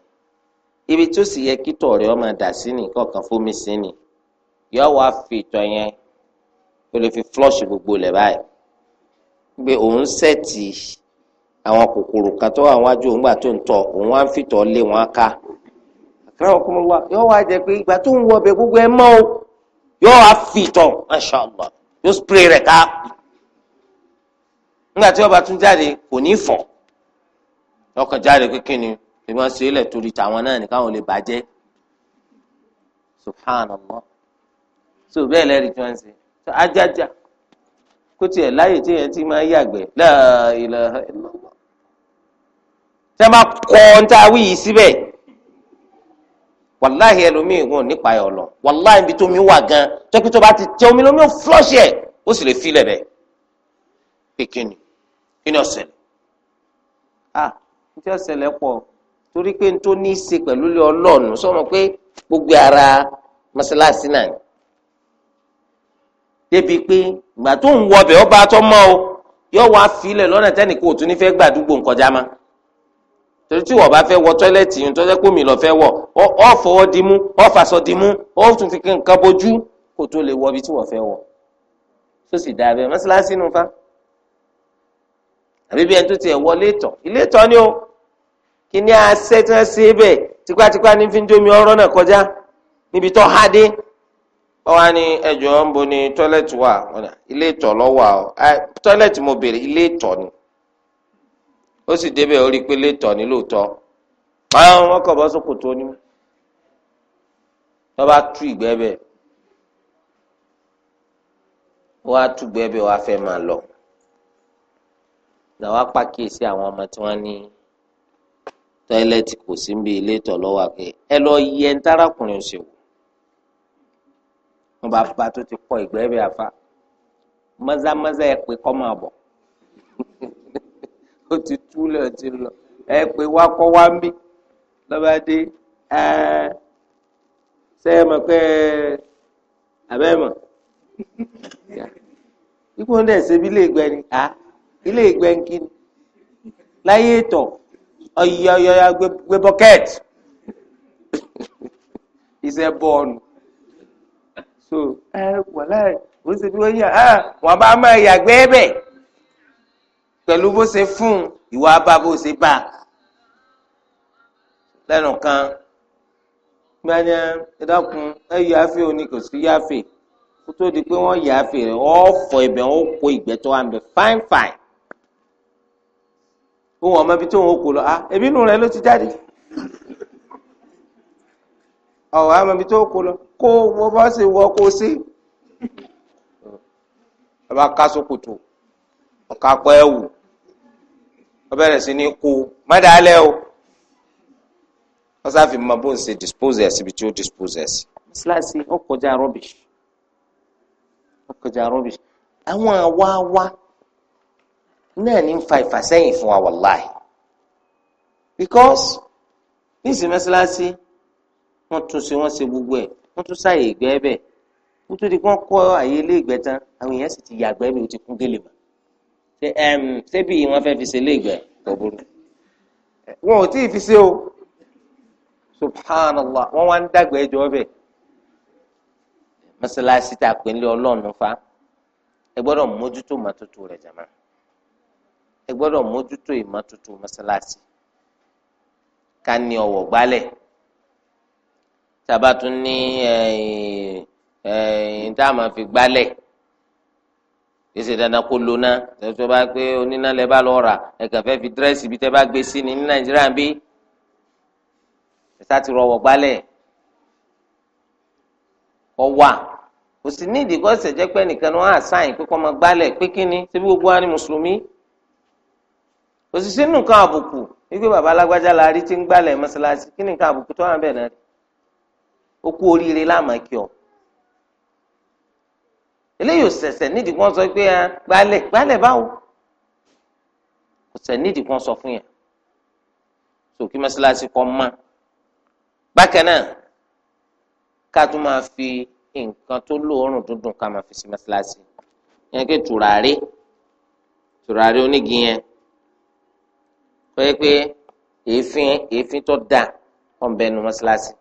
ibi tó sì yẹ kí tọ̀ rẹ̀ ọmọ dà sí ni kọ̀ọ̀kan fomi sí ni yọ wá fi ìtọ̀ yẹn o lè fi flush gbogbo lẹ̀ báyìí pé òun sẹ́ẹ̀tì àwọn kòkòrò kan tó wà wájú to gbà tó ń tọ òun wá ń fìtọ̀ lé wọn ká wa yóò wá jẹ pé ìgbà tó ń wọ ọbẹ̀ gbogbo ẹ mọ o yóò wá fìtọ̀ mashallah yóò spray rẹ ká nígbà tí ọba tún jáde kò ní fọ. ọkàn jáde kékeré ni ìmọ̀ sí ilẹ̀ torí tàwọn náà nìkan le lè tẹ́ bá kọ ń tá a wí yìí síbẹ̀ wàláhì ẹlòmíì gùn nípa ẹ̀ ọ̀lọ́ wàláhì ibi tómi wà gan tọ́kí tó bá ti tẹ omi lómi o flush ẹ ó sì lè filẹ̀ bẹ́ẹ̀ pé kíni ọ̀sẹ̀ ah ntí ọ̀sẹ̀ lẹ pọ̀ torí pé ntó ní í ṣe pẹ̀lú ọlọ́ọ̀nù sọ̀rọ̀ pé gbogbo ara mọ́ṣáláṣí náà ni débi pé ìgbà tó ń wọbẹ̀ ọba o yóò wá filẹ̀ lọ́nà torí tí wọ́n bá fẹ́ wọ tọ́lẹ́tì yìí pé mi lọ fẹ́ ọ fọwọ́ dimú ọ fàṣọ dimú ọ tún fi nǹkan bojú tó lè wọ ibi tí wọ́n fẹ́ wọ̀ tó sì dáa bẹ́ẹ̀ mọ́ṣáláṣí nu fa àbí bí ẹni tó tiẹ̀ wọ ni o kí ni tí wọ́n ṣe tipátipá ní ọ̀rọ̀ náà kọjá níbi tó há dé ẹjọ́ ń bo ni tọ́lẹ́tì wà ilé ìtọ̀ ó sì débẹ̀ ó rí i pé létọ̀ ní lóòótọ́ báyọ̀ wọn kọ̀ bọ́ sókòtò ní wọ́n bá tú ìgbẹ́ bẹ́ẹ̀ wọ́n á tú ìgbẹ́ bẹ́ẹ̀ wọ́n á fẹ́ máa lọ làwọn apákíyèsí àwọn ọmọ tí wọ́n ní tọ́ílẹ̀tì kò sí níbi ilé lọ́wọ́ àgbẹ̀ ẹ lọ yẹ ń tárakùnrin ò wò wọ́n bá fa tó ti pọ̀ ìgbẹ́ bẹ́ẹ̀ àfa mọ́zámọ́zá ẹ pé kọ́ máa bọ̀. (laughs) ó ti túlẹ̀ ti lọ ẹ pé wá kọ́ wá ń lọ́ba dé ṣe é mọ̀ pé àbẹ́ mọ̀ ikú ń dẹ̀ ṣe bí ilé ìgbẹ́ ni ilé ìgbẹ́ ń kí ni láyé gbé so ẹ ó ṣe bí wọ́n yà pẹ̀lú bó ṣe fún ìwà bá bó ṣe bá lẹ́nu kan gbẹ́ni ẹ dákun ẹ yááfẹ́ òní kò sí yááfẹ́ kó tó di pé wọ́n yááfẹ́ rẹ̀ ọ́ fọ ibẹ̀ wọ́n kó ìgbẹ́ tó wà ń bẹ̀ fáin fáin ohun ọmọ ibi tó ń kó lọ ah ebi inú rẹ ló ti jáde ọ̀wọ́ ọmọ ibi tó ń kó lọ kó wọ́n bá ṣe wọ́ kó sí ẹ bá ká sókòtò nǹkan apọ̀ ẹ̀wù wọ́n bẹ̀rẹ̀ sí ní kó mọ́dàálẹ́ o wọ́n sáfì mọ bó ń dispose ẹ̀ síbi tí ó dispose ẹ̀ sí. síláàsì ó kọjá rubbish ó kọjá rubbish àwọn àwa wa náà ní ń fa ìfàsẹ́yìn fún wa wàláì because ní ìsìn mẹ́sàlásì wọ́n tún ṣe wọ́n ṣe gbogbo ẹ̀ wọ́n tún ṣàyè ìgbẹ́ bẹ́ẹ̀ nítorí wọ́n kọ́ àyè ilé ìgbẹ́ tán àwọn èèyàn sì ti yàgbẹ́ mi o ti kún délé mọ́ ṣébi wọn fẹ́ fi ṣe léègbẹ́ kò burú wọn ò tí ì fi ṣe o subhanallah wọn wá ń dàgbà ẹjọ ọbẹ mọ́sálásí tá a pè ní Ọlọ́run fa ẹ gbọ́dọ̀ mójútó mọ́tótó rẹ̀ jàmá ẹ gbọ́dọ̀ mójútó ìmọ́tótó mọ́sálásí ká ní ọwọ́ gbálẹ̀ tàbá tún ní eh, eh, tá a máa fi gbálẹ̀. èsì dandan kó lo náà tẹ̀síwọ́n bá pé oníná lẹ bá lọ rà ẹ̀kàn fẹ́ fi dírẹ́sì bí tẹ́ bá gbé sí ni ní nàìjíríà ń bí ẹ̀sà ti rọwọ́ gbálẹ̀ kọ́ kò sí ní ìdíkọ́ ṣẹ̀jẹ̀ pé nìkan ni wọ́n á sáyìn pé kọ́ máa gbálẹ̀ pé kíni síbi gbogbo wa ni mùsùlùmí kò sì sínú nǹkan àbùkù wípé bàbá alágbájá la rí ti ń gbálẹ̀ mọ́ṣáláṣí kí nìkan àbùkù tó wà bẹ́ẹ̀ náà ó kú oríire láàmú kí ọ eléyìí ò ṣẹ̀ṣẹ̀ nídìí kan sọ pé gbalẹ̀ gbalẹ̀ báwo kò ṣẹ̀ nídìí kan sọ fún yẹn sòkè mọ́ṣáláṣí kọ́ mọ́ bákan náà ká tún máa fi nǹkan tó lóòórùn dúndùn ká máa fi sí mọ́ṣáláṣí yẹn kí tùràrí tùràrí onígi yẹn pé pé èéfín èéfín tó dáa wọn bẹ nu mọ́ṣáláṣí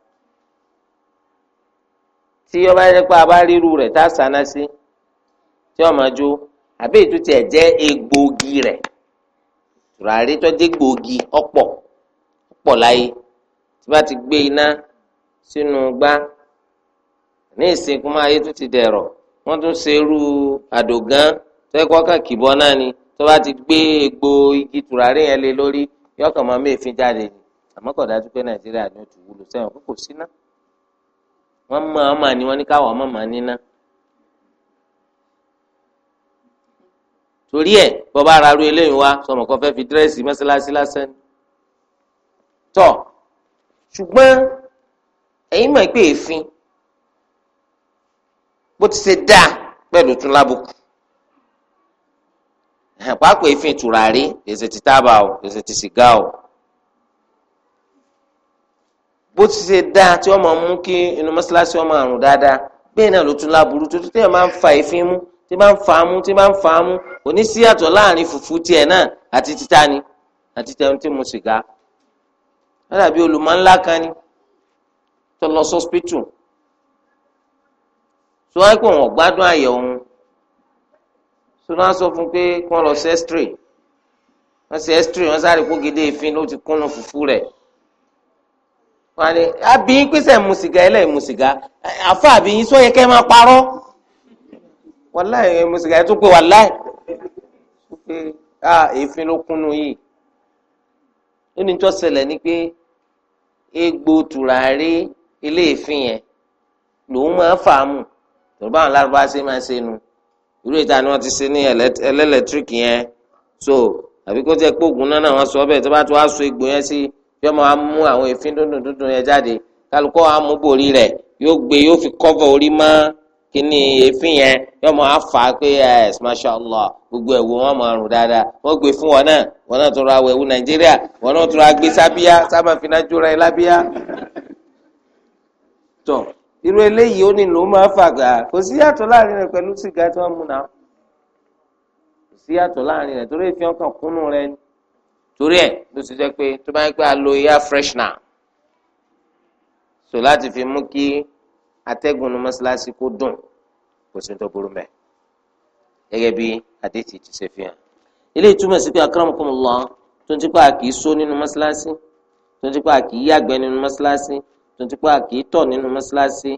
tí ọba yẹn pa abá ríru rẹ̀ tá a sànà sí. Si tí ọmọ jó àbí ètò tiẹ̀ jẹ́ egbòogi rẹ̀ tùràrí tó jẹ́ gbòogi ọ̀pọ̀ ọ̀pọ̀ láyé tí bá ti gbé iná sínú gbá ní ìsìnkú máa yé tó ti dẹ̀rọ̀ wọ́n tún ṣe àdògán tó yẹ náà ni tó bá ti gbé egbò igi tùràrí yẹn lé lórí yọkàn máa méfin jáde ni àmọ́ kò dájú pé nàìjíríà ni ó ti wúlò sẹ́wọ̀n kó kò síná wọ́n mọ̀ ọ́n mà ní wọ́n ní káwọn ọmọ mà níná. torí ẹ bọba ara ru eléyìí wá sọmọ kan fẹ́ fi dírẹ́sì mọ́sálásí lásán tọ ṣùgbọ́n ẹ̀yin mọ̀ pé èéfín bó ti ṣe dáa pẹ̀lú tún lábùkù pàápàá èéfín tùràrí èsè ti tábà o èsè ti sìgá o bó ti ṣe dáa tí wọ́n máa mú kí inú mọ́sálásí wọ́n máa rùn dáadáa bẹ́ẹ̀ náà ló tún láburú tuntun tí wọ́n máa ń fa èéfín mú tí bá ń fàámú tí bá ń fàámú kò sí àtọ̀ láàrin fùfú tiẹ̀ náà àti títa ni àti tẹun tí mu sìgá dàbí olùmọ̀ ńlá kan ni tó lọ sọ́spítù tó wáyé pé wọ́n gbádùn àyẹ̀wò òun tó náà sọ fún pé kí wọ́n lọ sí ẹ́sítírì wọ́n sì ẹ́sítírì wọ́n sáré kó gédé ìfín ló ti kúnnú fùfú rẹ̀ wọ́n á ní àbí pèsè mu ẹlẹ́yìn mu àfa àbí sọ yẹ kẹ́ máa parọ́ wàláì mo sì gàdé tó pé wàláì pé a èéfín ló kúnnú yìí nínú tó ṣẹlẹ̀ ni pé egbò tùràrí iléèfín yẹn lòun máa fà á mù tòun báwọn lárúbá ṣe máa ṣe nu irú ìta ni wọ́n ti ṣe ní ẹlẹ́lẹ́tíríkì yẹn so àbí kó jẹ́ pé oògùn náà náà wọ́n sọ bẹ́ẹ̀ tó bá tún wá so egbò yẹn sí yóò máa mú àwọn èéfín dúndùn dúndùn yẹn jáde kálukọ́ wa mú borí rẹ̀ yóò gbé yóò fi kọ́fọ̀ kini efin yẹn yóò máa fà á pé mashallah gbogbo ẹ̀wò wọn máa rùn dáadáa wọ́n gbé fún wọn náà wọn náà tó ra awọ ẹ̀wù nàìjíríà wọn náà tó ra gbé sábíà sábà fi náà jóra ẹ lábíà. tó irú eléyìí ó ní ló máa fà gà kò sí yàtọ̀ láàrin rẹ̀ pẹ̀lú sìgá tí wọ́n mú náà kò sí yàtọ̀ láàrin rẹ̀ torí èéfín ọkàn kúnnú rẹ̀ ni torí ẹ̀ ló ti jẹ́ pé tó bá ń pẹ́ aloe air freshener so láti fi mú kí atẹ́gùn ní mọ́ṣáláṣí kó dùn kò sí tó burú mẹ́ gẹ́gẹ́ bí àdéhìí ti ṣe fi hàn. ilé ìtumọ̀ sí pé akramakumullah tó ń ti kì í só nínú mọ́ṣáláṣí tó ń ti kì í yàgbẹ́ nínú mọ́ṣáláṣí tó ń ti kì í tọ̀ nínú mọ́ṣáláṣí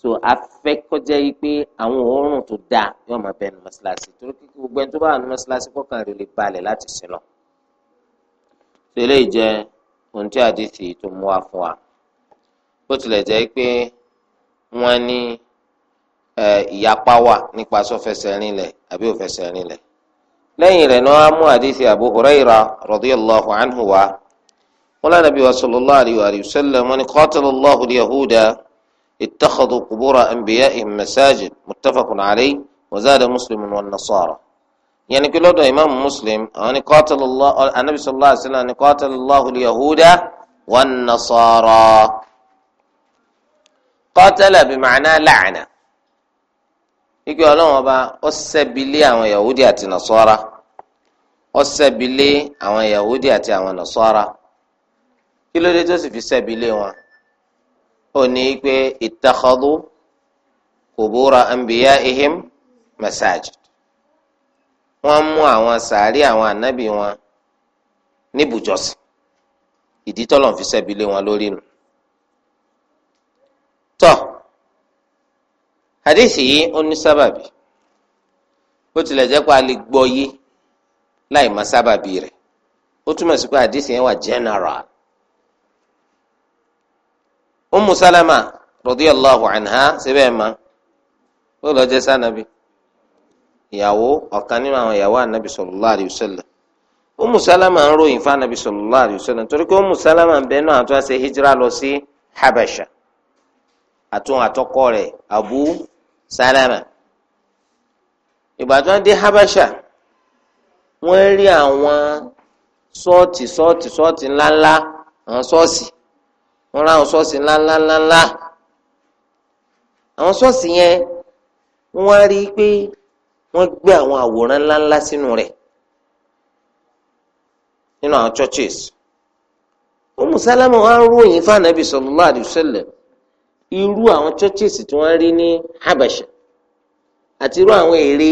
so afẹ́kọ́jẹ́ yìí pé àwọn òórùn tó dáa yóò máa bẹ nínú mọ́ṣáláṣí torí kí gbogbo ẹni tó bá wà nínú mọ́ṣáláṣí kọ́kàn rẹ̀ lè balẹ̀ láti sin lọ. ṣe ohun tí àdéhìí tó mú wa fún wa bó tilẹ̀ jẹ́ pé wọ́n ní ìyapa wà nípa sọ́fẹsẹ̀ rinlẹ̀ àbí òfẹsẹ̀ rinlẹ̀ lẹ́yìn rẹ̀ náà mú àdìsí Abu Huraira radiyallahu anhu wa wọn lánàá bí wa sallallahu alayhi wa sallam wọn ni qatalallahu yahuda ittakhadhu qubura anbiya'ihim masajid muttafaqun alayhi wa zada muslimun wan nasara yẹn kí lọ́dọ̀ imaamu muslim àwọn ni qatalallahu anabi sallallahu alayhi wa sallam ni qatalallahu yahuda wan nasara. qatala bí màánà làánà wípé ọlọ́run ọba ó ṣẹ́bilé àwọn yahudi àti nasọ́ra ó ṣẹ́bilé àwọn yahudi àti àwọn nasọ́ra kí ló dé fi wọn mú àwọn sàárì àwọn ànábì wọn níbùjọ́sìn ìdí tọ́lọ́run fi wọn lórí nù. hadisi yìí ó ní sábàbí bó tilẹ̀ jẹ́ pé a lè gbọ́ yé láì mọ sábàbí rẹ̀ ó túmọ̀ sí pé hadisi yẹn wà general. Salama radiyallahu anha síbẹ̀ ma o lọ jẹ́ sànàbí ìyàwó ọ̀kan nínú àwọn ìyàwó ànábì sallallahu alayhi wa sallam Salama ń ròyìn fún ànábì sallallahu alayhi wa torí pé Salama ń bẹ náà àtúnṣe hijira lọ sí Habasha sálámà ìgbà tí wọ́n dé habasha wọ́n rí àwọn sọ́ọ̀tì sọ́ọ̀tì sọ́ọ̀tì ńláńlá àwọn sọ́ọ̀sì wọ́n ráwọn sọ́ọ̀sì ńláńláńláńlá àwọn sọ́ọ̀sì yẹn wọ́n rí i pé wọ́n gbé àwọn àwòrán ńláńlá sínú rẹ̀ nínú àwọn churches Umu Salama wọ́n ròyìn fún Ànábì sallallahu alaihi wasallam irú àwọn churches tí wọ́n rí ní Habasha àti irú àwọn ère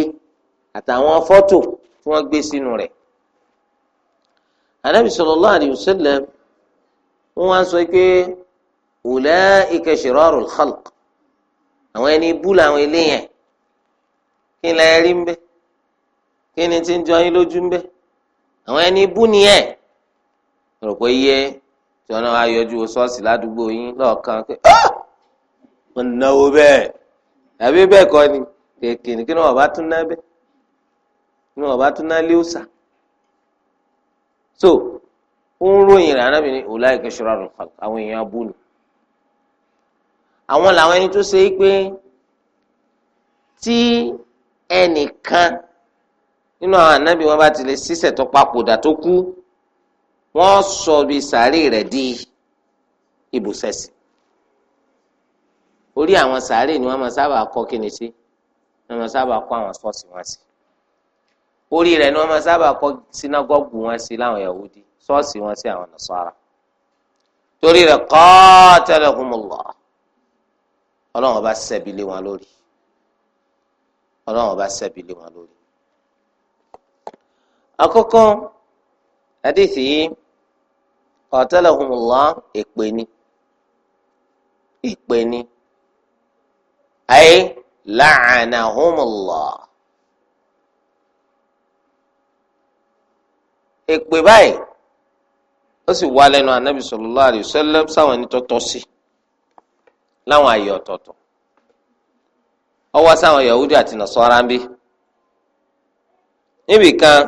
àtàwọn fọ́tò tí wọ́n gbé sínú rẹ̀ anabi sallallahu alayhi wa sallam wọ́n wá sọ pé ulaika shirarul khalq àwọn ẹni bú làwọn eléyẹn kí ni ẹ rí ń bẹ kí ni ti ń jọ yín lójú ń bẹ àwọn ẹni bú nìyẹn rò pé tí wọ́n náà wá yọjú ṣọ́ọ̀ṣì ládùúgbò yín lọọkan pé ah wọn náwó bẹ́ẹ̀ bẹ́ẹ̀ kọ́ ni kèké ni kí ni wọn bá tún ná kí ni so ń ròyìn rẹ̀ anábì ọ̀la ìkẹsọ̀rọ̀ àrùn àwọn èèyàn abú àwọn làwọn ẹni tó ṣe é pé tí ẹnìkan nínú àwọn ànábì wọn bá ti lè ṣiṣẹ́ tó papòdà tó kú wọ́n sọ sàárè rẹ̀ di ibùsẹ̀sìn orí àwọn sàárè ni wọ́n máa sábà kọ́ kíni sí wọ́n máa sábà kọ́ àwọn ṣọ́ọ̀ṣì wọn sí orí rẹ̀ ni wọ́n máa sábà kọ́ sínágọ́gù wọn sí láwọn Yahudi ṣọ́ọ̀ṣì wọn sí àwọn Nasara torí rẹ̀ qatalahumullah ọlọ́run ọba ṣẹ́bi lé wọn lórí ọlọ́run ọba ṣẹ́bi lé wọn lórí. àkọ́kọ́ hadithi yìí qatalahumullah èpè ni èpè ni. أي لعنهم الله èpè báyìí ó sì wá lẹ́nu anabi sallallahu alayhi wa sallam sáwọn ẹni tọtọ sí láwọn àyè ọ̀tọ̀ọ̀tọ̀ ó wá sáwọn yahudi àti nasara ń bí níbì kan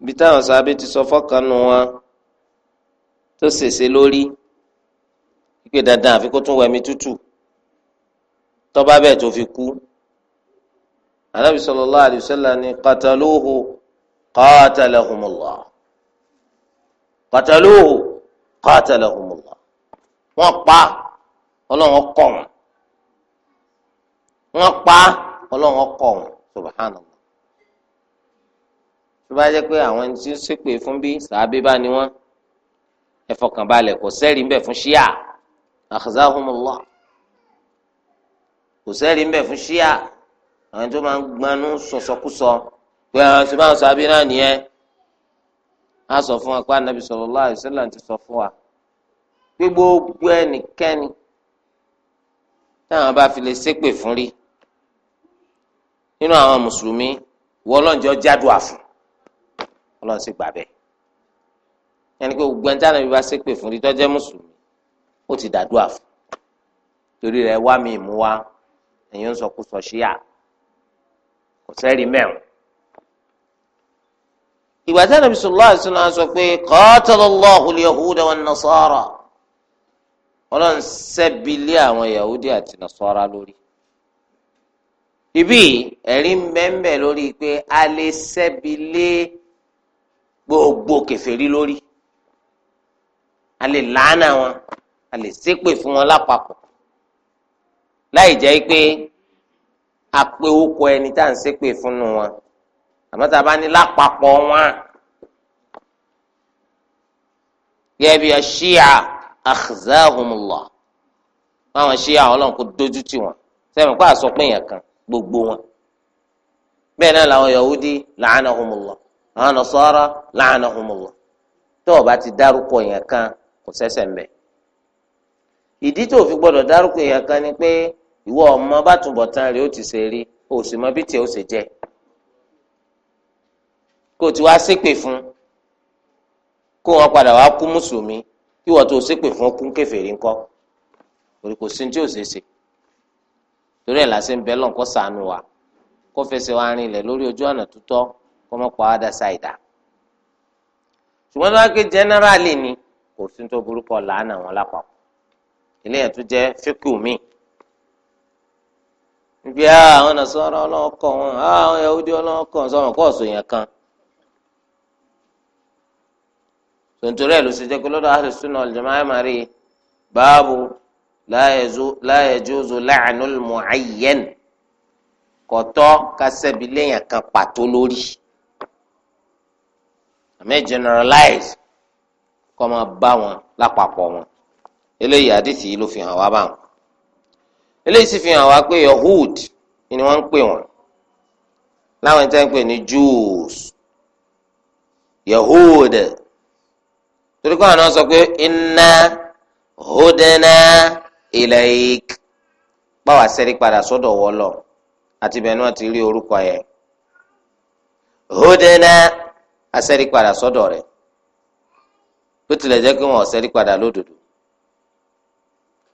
ibi táwọn sábẹ ti sọ fọkànnù wọn tó ṣèṣe lórí ìpè dandan àfi kó tún wẹmi tútù. tọ́ba bẹ́ẹ̀ tó fi kú anabi sallallahu alayhi wa sallam ni qataluhu qatalahumullah qataluhu qatalahumullah wọ́n pa Ọlọ́run kọ wọn wọ́n pa Ọlọ́run kọ wọn subhanallah tó bá jẹ́ pé àwọn ẹni tí ó ṣépè fún bí sàábé bá ní wọn ẹfọkànbalẹ̀ kò sẹ́rìí ń bẹ fún ṣíà akhzahumullah kò sẹ́rí ń bẹ̀ fún ṣíà àwọn tó máa ń gbanú sọ̀sọ̀kúsọ pé àwọn tó máa ń sọ abí náà nìyẹn á sọ fún wa pé anabi sallallahu alaihi wasallam ti sọ fún wa pé gbogbo ẹnikẹ́ni táwọn bá fi lè ṣépè fún rí nínú àwọn mùsùlùmí ìwọ ọlọ́njọ́ jádùá fún ọlọ́run sì gbà ẹni pé gbogbo ẹni tí anabi bá ṣépè fún rí tó mùsùlùmí ó ti dàdúà fún torí rẹ̀ wá mi mú wa èyàn ń sọkú sọ ṣíà kò sẹ́rí mẹ́rin. ìgbà tí Ànábì sallallahu alaihi wasallam sọ pé qatalallahu al-yahuda wan-nasara ọlọ́run ṣẹ́bi lé àwọn yahudi àti nasara lórí. ibi ẹ̀rí mẹ́mẹ́ lórí pé a lè ṣẹ́bi lé gbogbo kèfèrí lórí a lè làánà wọn a lè ṣépè fún wọn lápapọ̀ láì jẹ́ pé apẹ okọ ẹni tá à ń ṣépè fúnnu wọn àmọ́ tá a bá ní lápapọ̀ wọn gẹ́gẹ́ bí ṣíà akhzahumullah báwọn ṣíà ọlọ́run kò dojú tì wọ́n sẹ́mi kó àsọ pé gbogbo wọn bẹ́ẹ̀ náà làwọn yahudi la'anahumullah àwọn nasara tó o bá ti dárúkọ èèyàn kan kò sẹ́sẹ̀ ń bẹ̀ ìdí tó ìwọ ọmọ bá túnbọ̀ tán rẹ̀ ó ti ṣe rí o sì mọ bí tiẹ̀ ó ṣe jẹ́ kó o ti wá ṣépè fún kó wọn padà wá kú mùsùlùmí kí wọ́n tó ṣépè fún kún kèfèrí ńkọ́ torí kò sí ní tí ò ṣe é ṣe torí ẹ̀ lásán ń bẹ lọ́n kó ṣàánú wa kó fẹsẹ̀ wa rinlẹ̀ lórí ojú ọ̀nà tó tọ́ kó mọ́ pa ádá ṣàìdá ṣùgbọ́n tó ké jẹ́nẹ́rálì ni kò sí ní tó burúkọ làánà wọn lápapọ̀ ilé yẹn tó jẹ́ fíkù míì ibi àwọn nasara ọlọ́wọ́ kọ̀ wọn àwọn yahudi ọlọ́wọ́ kọ̀ wọn sọ̀rọ̀ kọ́ọ̀sù yẹn kan tontori ẹ̀ ló ṣe jẹ́ pé lọ́dọ̀ ahlu sunna wal jamaa máa rí báàbù la yajuzu la'nul mu'ayyan kọ̀tọ́ kásẹ̀bi léèyàn kan pàtó lórí àmì generalize kọ́ máa bá wọn lápapọ̀ wọn eléyìí àdìsí ló fi hàn wá báwọn eléyìí sì fi hàn wá pé Yahud ni wọ́n ń pè wọ́n láwọn ìtàn ń pè ní Jews Yahud torí kọ́ àná sọ pé inna hudana ilayk báwa sẹ́rí padà sọ́dọ̀ wọ́lọ̀ àti bẹ́ẹ̀ ni wọ́n ti rí orúkọ yẹn hudana asẹ́rí padà sọ́dọ̀ rẹ̀ bó tilẹ̀ jẹ́ kí wọ́n ọ̀sẹ́rí padà lódodo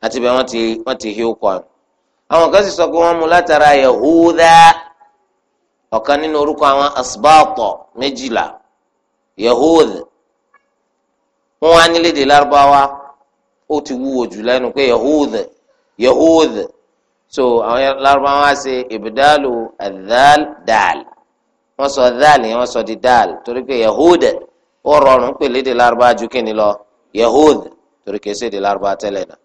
àti bẹ́ẹ̀ wọ́n ti hí ó kọ́ ẹ̀ àwọn kan sì sọ pé wọ́n mú látara Yahuda ọ̀kan nínú orúkọ àwọn asbáàtọ̀ méjìlá Yahud wọ́n wá nílédè lárúbáwá ó ti wúwo jù lẹ́nu pé Yahud Yahud so àwọn lárúbáwá ṣe ibdalu adal dal wọ́n sọ dal yẹn wọ́n sọ di dal torí pé Yahud ó rọrùn pé lárúbá ju kí ni lọ Yahud torí kìí ṣe lárúbá tẹ́lẹ̀ náà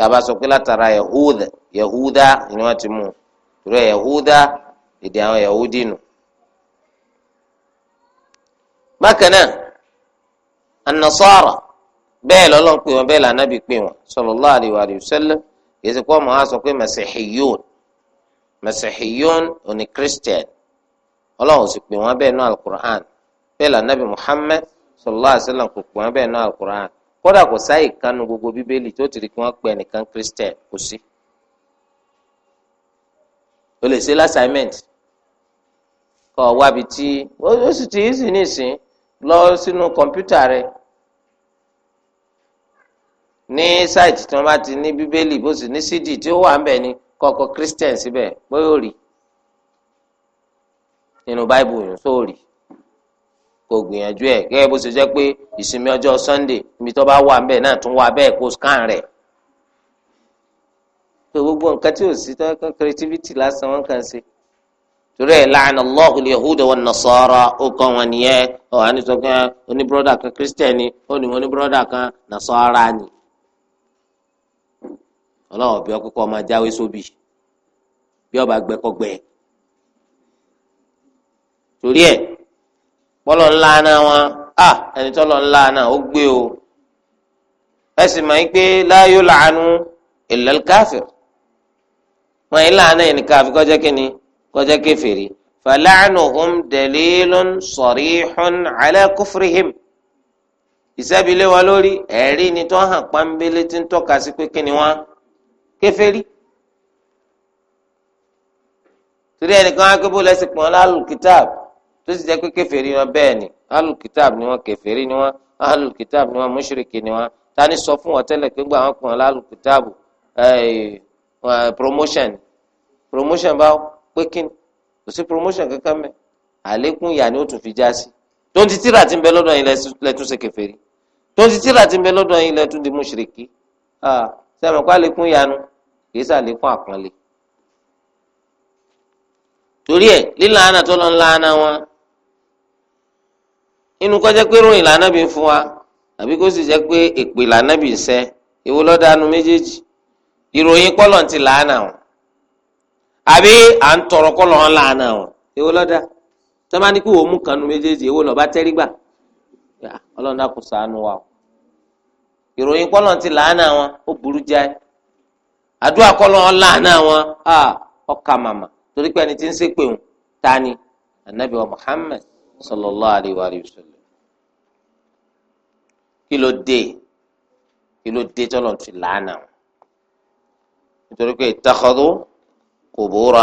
tàbá sọ pé látara yahuda yahuda ni wọ́n ti mú rẹ yahuda èdè àwọn yahudi nù. bákan náà anasara bẹ́ẹ̀ lọ́lọ́n pè wọ́n bẹ́ẹ̀ lànàbì pè wọ́n sallallahu alaihi wa sallam yìí ti kọ́ ọmọ wa sọ pé masihiyun masihiyun oní christian ọlọ́run sì pè wọ́n bẹ́ẹ̀ náà alukur'an bẹ́ẹ̀ lànàbì muhammed sallallahu alaihi wa kò pè wọ́n bẹ́ẹ̀ náà alukur'an kódà kò sáyè kanu gbogbo bíbélì tó ti rí kí wọ́n pè nìkan christian kò sí o lè ṣe lásàmẹ́ǹt kọ́ ọ wábi tí ó sì ti easy nísìn lọ sínú kọ̀ǹpútà rẹ ní sáìtì tí wọ́n bá ti ní bíbélì bó sì ní cd tí ó wà ń bẹ̀ ni kọ́kọ́ christian síbẹ̀ pé ó rí nínú báìbù yìí sóòrì. So kó gbìyànjú ẹ̀ gẹ́gẹ́ bó ṣe jẹ́ pé ìsinmi ọjọ́ sunday ibi tó bá wà ń bẹ̀ náà tún wà bẹ́ẹ̀ kó scan rẹ̀ pé gbogbo nǹkan tí ò sí tó creativity lásán wọn kàn sí torí ẹ̀ láàánú lọ́ọ̀kì yahuda wọn nasara ó kọ́ wọn nìyẹn ọ̀hà ní sọ oníbúrọ́dà kan kírísítẹ̀nì ó ní oníbúrọ́dà kan nasara ni ọlọ́run ọ̀bẹ ọkọ̀ máa jáwé sóbì bí ọba torí bọ́lọ̀ ńlá náà wọn à ẹni tọ́lọ̀ ńlá náà ó gbé o ẹ sì máa ń pé la yul'anu illa al-kafir wọn yìí làánà yìí nìkan àfi kọjá kínní kọjá kèfèrí fala'nuhum dalilun sarihun ala kufrihim ìsẹ́bilé wa lórí ẹ̀rí ni tó hàn pàmbélé tí ń tọ́ka sí pé kí ni wọ́n torí ẹnìkan á gbébó lẹ́sìn pọ̀n lálùkítàbù tó sì jẹ́ pé kèfèrí wọn bẹ́ẹ̀ ni alùkìtàb ni wọn kèfèrí ni wọn alùkìtàb ni wọn mùṣírìkì ni wọn tani ni sọ fún wọn tẹ́lẹ̀ pé gbà wọn pọn lálùkìtàb promotion promotion bá pé kí ni kò sí promotion kankan mẹ́ àlékún ìyà ni ó tún fi já sí tó ń ti tíra ti ń bẹ lọ́dọ̀ yín lẹ́tún ṣe kèfèrí tó ń ti tíra ti ń bẹ lọ́dọ̀ yín lẹ́tún di mùṣírìkì sẹ́mi kó àlékún ìyanu kì í sàlékún àpọ́nlé torí ẹ̀ lílànà tó lọ ń lànà wọn inú kọjá pé ròyìn lànàbí fún wa àbí kó sì jẹ́ pé èpè lànàbí ń sẹ́ èwo ló méjèèjì ìròyìn kọ́lọ̀ ti làánà o àbí à ń tọrọ kọ́lọ̀ ń làánà o èwo tọ́mání wò mú kanu méjèèjì tẹ́rí gbà ọlọ́run dákun wa o ìròyìn kọ́lọ̀ ti wọn ó burú jáì àdúrà wọn ọkà màmá torí pé ẹni ń alayhi wa sallam. kí ló dé kí ló dé tọ́lọ̀ fi làánà nítorí pé kò ittakhadhu qubura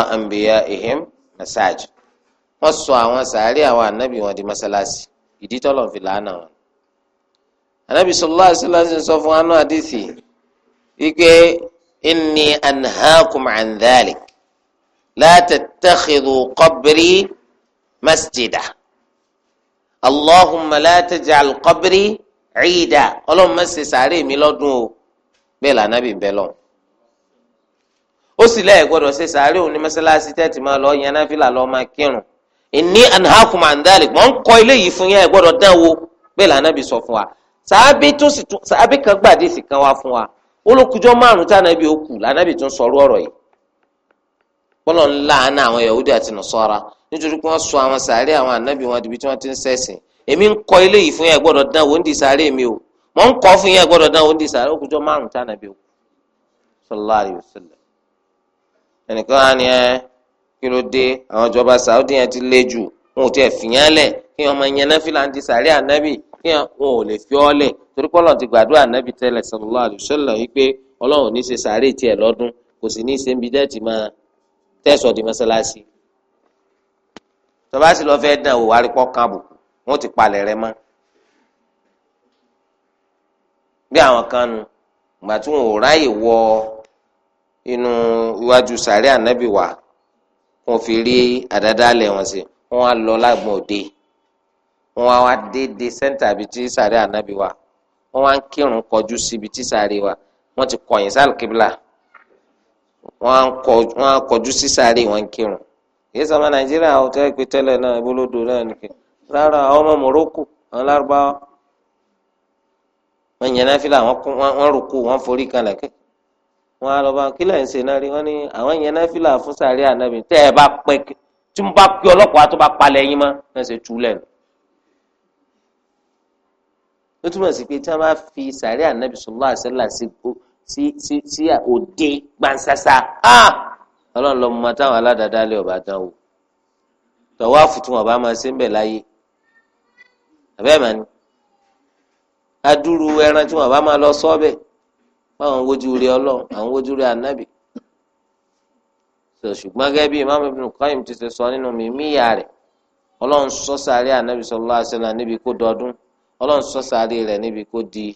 ehem masaj wọ́n sọ àwọn sàárẹ̀ àwọn ànábì wọn di masalasi ìdí tọ́lọ̀ fi làánà wọn. ànábì sallallahu alaihi wasallam sọ fún anú àdìsí wípé inni anhaakum an dhalik la tattakhidhu qabri masjida allahumma la taj'al qabri. ẹ̀yìdà ọlọ́run má ṣe sàárè mi lọ́dún o bẹ́ẹ̀ lànàbì ń bẹ lọ. ó sì lẹ́ẹ̀ gbọ́dọ̀ ṣe sàárè òun ní mọ́sálásí tẹ́tì máa lọ yan náfìlà lọ́ọ́ máa kírun. ìní anhakum andali mọ̀ ń kọ́ ilé yìí fún yẹn ẹ̀ gbọ́dọ̀ dán wo bẹ́ẹ̀ lànàbì sọ fún wa. sàábì kan gbàdísì kan wá fún wa olókùjọ́ márùn-ún tànàbì ó kù lànàbì tún sọ̀rọ̀ ọ̀rọ̀ yìí bọ́lọ̀ ńlá àná àwọn Yahudi àti Nasara nítorí pé wọ́n sọ àwọn sàárè àwọn ànábì wọn dìbí tí wọ́n ti ń ṣẹ̀sìn èmi ń kọ́ eléyìí fún yẹn gbọ́dọ̀ dán wò ń di sáré mi o mọ̀ ń kọ́ fún yẹn gbọ́dọ̀ dán wò ń di sáré òkùjọ́ márùn tá nàbí òkú sallallahu alaihi wasallam ẹnìkan á ní ẹ kí ló dé àwọn ìjọba Saudi yẹn ti lé jù wọn ò tiẹ̀ fìyàn lẹ̀ kí wọn máa yẹn náfìlà ń di sáré ànábì kí wọn ò lè fi ọ́ lẹ̀ torí pé ti gbàdúrà ànábì tẹ́lẹ̀ sallallahu alaihi wasallam yìí pé Ọlọ́run ní í ṣe sáré tiẹ̀ lọ́dún kò sì ní í ṣe ń bi dẹ́ẹ̀tì máa tẹ̀sọ̀ di mọ́sálásí wọ́n ti palẹ̀ rẹ mọ́ bí àwọn kan nu ìgbà tí wọn ò ráyè wọ inú iwájú sàárẹ̀ ànábì wà wọn fi rí àdádálẹ̀ wọn sí wọn á lọ lágbọn òde wọn á wá déédéé sẹ́ńtà bíi tí sàárẹ̀ ànábì wà wọn wá ń kírun kọjú síbi tí sàárẹ̀ wà wọn ti kọ̀yìn sáà kíbla wọn á kọjú sí sàárẹ̀ wọn kírun èyí sọ ma nàìjíríà ọtọ ìpè tẹ́lẹ̀ náà ìbólódò náà nìkan rárá àwọn ọmọ Morocco àwọn lárúbáwá wọn yẹn náà fílà wọn rúkú wọn forí kalẹ̀ kí wọn á lọ bá kí lẹ́yìn ṣe náà rí wọn ní àwọn yẹn náà fílà fún sàárẹ ànábì tẹ ẹ bá pẹ tí mo bá pẹ ọlọ́pàá tó bá palẹ̀ yín mọ́ náà ṣe túlẹ̀ nù ó túmọ̀ sí pé tí wọ́n bá fi sàárẹ̀ ànábì sallallahu alaihi wasallam sí òde gbansasa ọlọ́run lọ́mọ táwọn aládàáda lé ọba dán tọ́wọ́ àfùtún ọba máa ṣe ń bẹ̀ láyé àbẹ́ẹ̀mà ni adúrú ẹran tí wọn bá máa lọ sọ́ọ̀bẹ̀ báwọn wojú rí ọlọ́run àwọn wojú rí ànábì ṣùgbọ́n gẹ́gẹ́ bí imáàmù Ibn Qayyim ti sọ nínú mímíyà rẹ̀ ọlọ́run sọ sáré ànábì sallallahu alaihi níbi kó dọdún ọlọ́run sọ sáré rẹ̀ níbi kó di